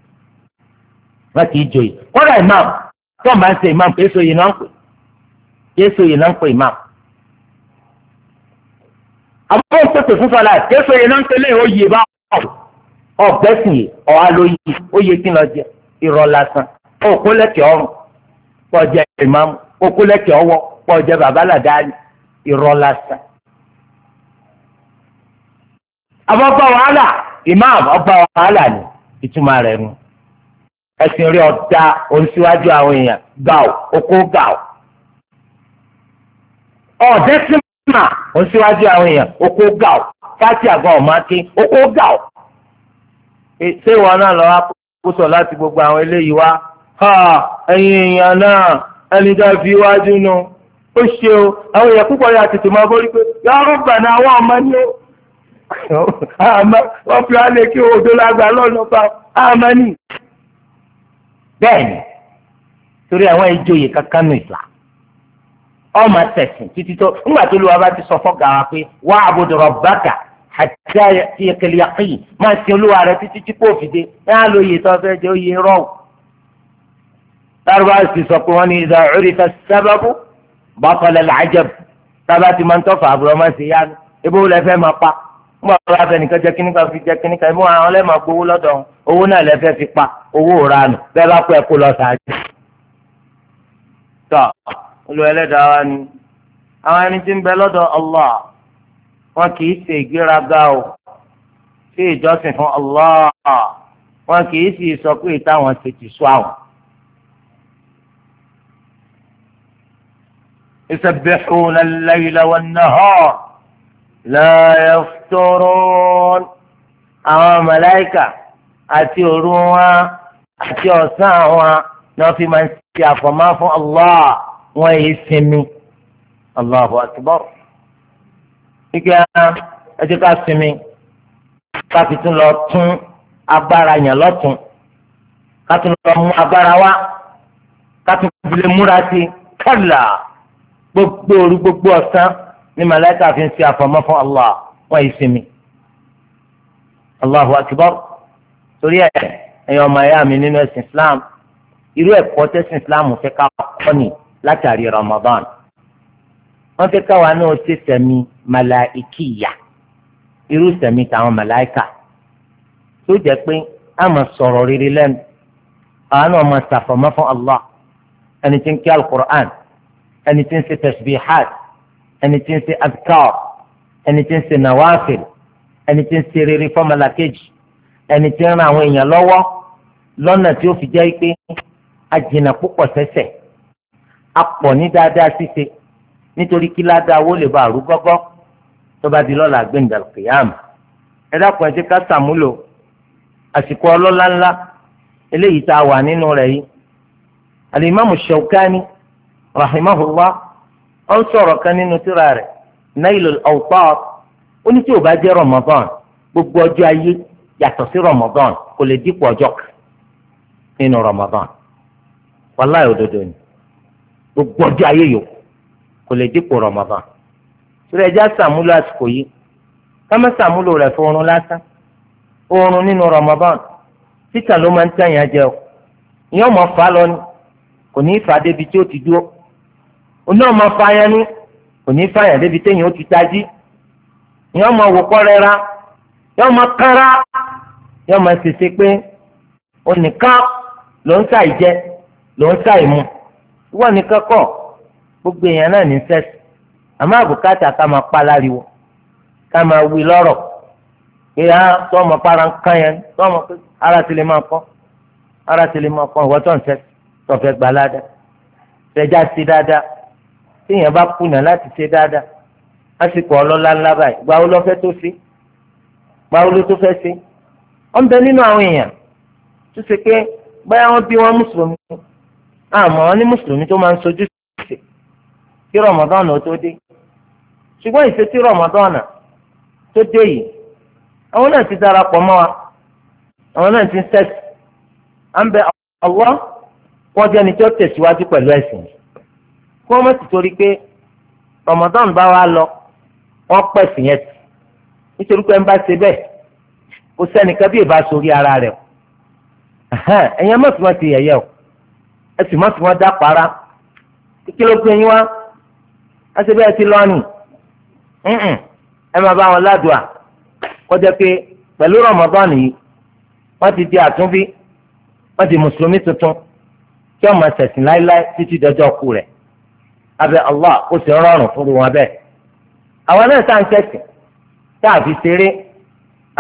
wọ́n kì í joyè kọ́dà imam tó máa ń ṣe imam kì í so yìí náà ń pè kì í so yìí náà ń pè imam. àbúrò ń pèsè fún fọlá kì í so yìí náà ń tẹ́lẹ̀ ó yẹ bá ọ̀bẹ sì yẹ ọ̀há ló yẹ ó yẹ kí n lọ jẹ irọ́ lásán òkú lẹ́kẹ̀ẹ́ ọrùn pọ̀ jẹ́ imam òkú lẹ́kẹ̀ẹ́ ọwọ́ pọ̀ jẹ́ babaládàá irọ́ lásán.
abọ́gbà wàhálà
imam ọgbà wàhálà ni ìtumọ̀ rẹ̀ nu ẹ̀sìn rí ọ̀dà oníṣíwájú àwọn èèyàn gàù okó gàù ọ̀dẹ́sìmà oníṣíwájú àwọn èèyàn okó gàù àgbà ọ̀máké okó gàù ṣé ìwọ náà láti gbogbo àwọn eléyìí wá èèyàn náà ẹni fi wájú ó ṣe o àwọn èèyàn púpọ̀ yà tètè máa bọ́rí pé yàrá gbàdá àwọn ọmọ ní o *laughs* wọ́n fi wálé kí odò lágbà lọ́nà bá àmọ́ ní. bẹ́ẹ̀ni torí àwọn ìjòyè kankan nù ìlà ọmọ tẹ̀sìn títí tó ńgbà tó lùwà bá ti sọ fọ́gà wa pé wà á bọ̀dọ̀ rabbaka àti àyẹ̀kẹ̀lẹ̀ yàkìyì máa sin olúwa rẹ títí tí kò fi dé ló yẹ tó fẹ́ jẹ́ ó yẹ rọ́ọ̀. bàtọ̀lẹ̀ làájẹ̀b tábà ti máa ń tọ́fà àbúrò máa ń ṣe yá ebó wọlé fẹ́ máa pa ńgbà wọn afẹ́ nìkan jẹ́ kíníkà fi jẹ́ kíníkà ẹ̀mú àwọn ọlẹ́ máa gbowó lọ́dọ̀ owó náà lẹ́ fẹ́ fi pa owó òranù bẹ́ẹ̀ bá kó ẹ kó lọ sàájú. tọ́ olùwẹ̀lẹ́dàá wa ni àwọn ẹni tí ń bẹ lọ́dọ̀ Allah wọn kì í ṣe ìgbéraga o ṣe ìjọsìn fún Allah wọn kì í sì sọ pé ìtàwọn ṣe ti sọ àwọn. يسبحون الليل والنهار لا يفترون àwọn màláíkà àti òru wọn àti ọ̀sán wọn ni wọ́n fi máa ń ṣe àfọ̀mọ́ fún allah wọn yìí sinmi allahu akbar kíkẹ́ ẹ jẹ́ ká sinmi ká fi tún lọ tún agbára yàn lọ́tún ká tún lọ mú agbára wá ká tún fi lè múra sí kálá gbogbo òru gbogbo ọ̀sán ni màláìka fi ń ṣe àfọ̀mọ́ fún Allah wọ́n yìí sinmi. Allahu akbar torí ẹ̀ ẹ̀yin ọmọ ẹ̀yà mi nínú ẹ̀sìn Islam irú ẹ̀kọ́ tẹ̀sìn Islam fẹ́ ká kọ́ ni látàrí Ramadan wọ́n fẹ́ káwa náà ṣe sẹ̀mí màláìkìyà irú sẹ̀mí táwọn màláìka tó jẹ́ pé a máa sọ̀rọ̀ rere lẹ́nu àwọn náà máa fún Allah ẹni tí ń kí al ẹni tí ń ṣe tasbihat ẹni tí ń ṣe adkar ẹni tí ń ṣe nawafil ẹni tí ń ṣe rere fọmọlàkejì ẹni tí ń ran àwọn èèyàn lọ́wọ́ lọ́nà tí ó fi jẹ́ pé ajìnà púpọ̀ sẹ́sẹ̀ apọ̀ ní dáadáa ṣíṣe nítorí kí ládàá owó lè ba àrú gọ́gọ́ tó bá di lọ́la gbẹ̀ǹdàkìyàmù ẹ dákun ẹ ti ká sàmúlò àsìkò ọlọ́lá ńlá eléyìí tá a wà nínú rẹ̀ yìí Al-Imam Shawkani rahimahullah ó sọ̀rọ̀ kan nínú tírà rẹ̀ nailul awtat ó ní tí ò bá jẹ́ ramadan gbogbo ọjọ́ ayé yàtọ̀ sí ramadan kò lè dípò ọjọ́ kan nínú òdodo ni gbogbo ọjọ́ ayé yòókù kò lè dípò ramadan sórí ẹjẹ àsàmúlò àsìkò yìí kámẹ́ sàmúlò rẹ̀ fún oorun lásán oorun nínú ramadan títà ló máa ń tẹ̀yìn ajẹ́ o fà lọ ni kò ní débi oní ọmọ fàyàn ni kò ní fàyàn débi téèyàn ó ti tají ni ọmọ àwòkọ́ rẹ ra ni ọmọ kára ni ọmọ ṣèṣe pé onìkan ló ń ṣàì jẹ ló ń ṣàì mu ìwọ nìkan kọ́ gbogbo èèyàn náà ní sẹ́sì àmọ́ àbùkátà ká máa pa láriwo ká máa wí lọ́rọ̀ pé á tọ́mọ para ń kán yẹn tọ́mọ pé ara ti lè máa kọ́ ara ti lè máa kọ́ ìwọ́tọ̀ ń sẹ́sì tọ́fẹ́ gbalada ṣẹjá sí dáadáa téèyàn bá kùnà láti ṣe dáadáa lásìkò ọlọ́lá ńlá báyìí gbàwó lọ́fẹ́ tó ṣe gbàwó ló tó fẹ́ ṣe ó ń bẹ nínú àwọn èèyàn tó ṣe pé báyà wọ́n bí wọ́n mùsùlùmí àmọ́ wọ́n ní mùsùlùmí tó máa ń sojú ṣe kí rọmọdọ́nà ó tó dé ṣùgbọ́n ìṣe rọmọdọ́nà tó dé yìí àwọn náà ti darapọ̀ mọ́ wa àwọn náà ti ń sẹ́sì à ń bẹ ọwọ́ wọ́n jẹ́ni tó tẹ̀síwájú pẹ̀lú ẹ̀sìn yìí kó o mọ̀sí torí pé Ramadan bá wa lọ wọ́n pẹ̀sì yẹn tì nítorí pé ń bá ṣe bẹ́ẹ̀ kò sẹ́nìkan bí ìbá sórí ara rẹ̀ ẹ̀yin ẹ̀ ti yẹ̀yẹ́ o ẹ̀ sì mọ̀sí wọn dá para kí ló pé yín wá ẹ̀ ṣe bẹ́ẹ̀ ti lọ́ọ̀nì ẹ máa bá wọn ládùá kọjá pé pẹ̀lú Ramadan yìí wọ́n ti di àtúnbí wọ́n ti mùsùlùmí tuntun kí ọmọ ṣẹ̀sìn láéláé títí dọjọ́ ku rẹ̀ abẹ Allah kó sì rọrùn fún wọn bẹ́ẹ̀ àwọn náà tá à ń kẹsì tá a fi ṣeré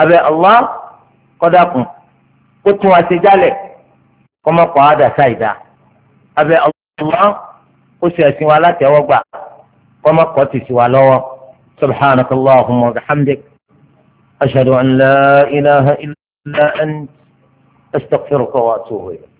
abẹ Allah kọdàkùn kó tún wa ṣe jálẹ̀ kọmọkọ àdàtà ìdá abẹ Allah kó sì ẹ̀sìn wa látẹ̀wọ́gbà kọmọkọ ti sì wa lọ́wọ́ subhanaka Allahumma wa bihamdik ashhadu an la ilaha illa anta. أستغفرك وأتوب إليك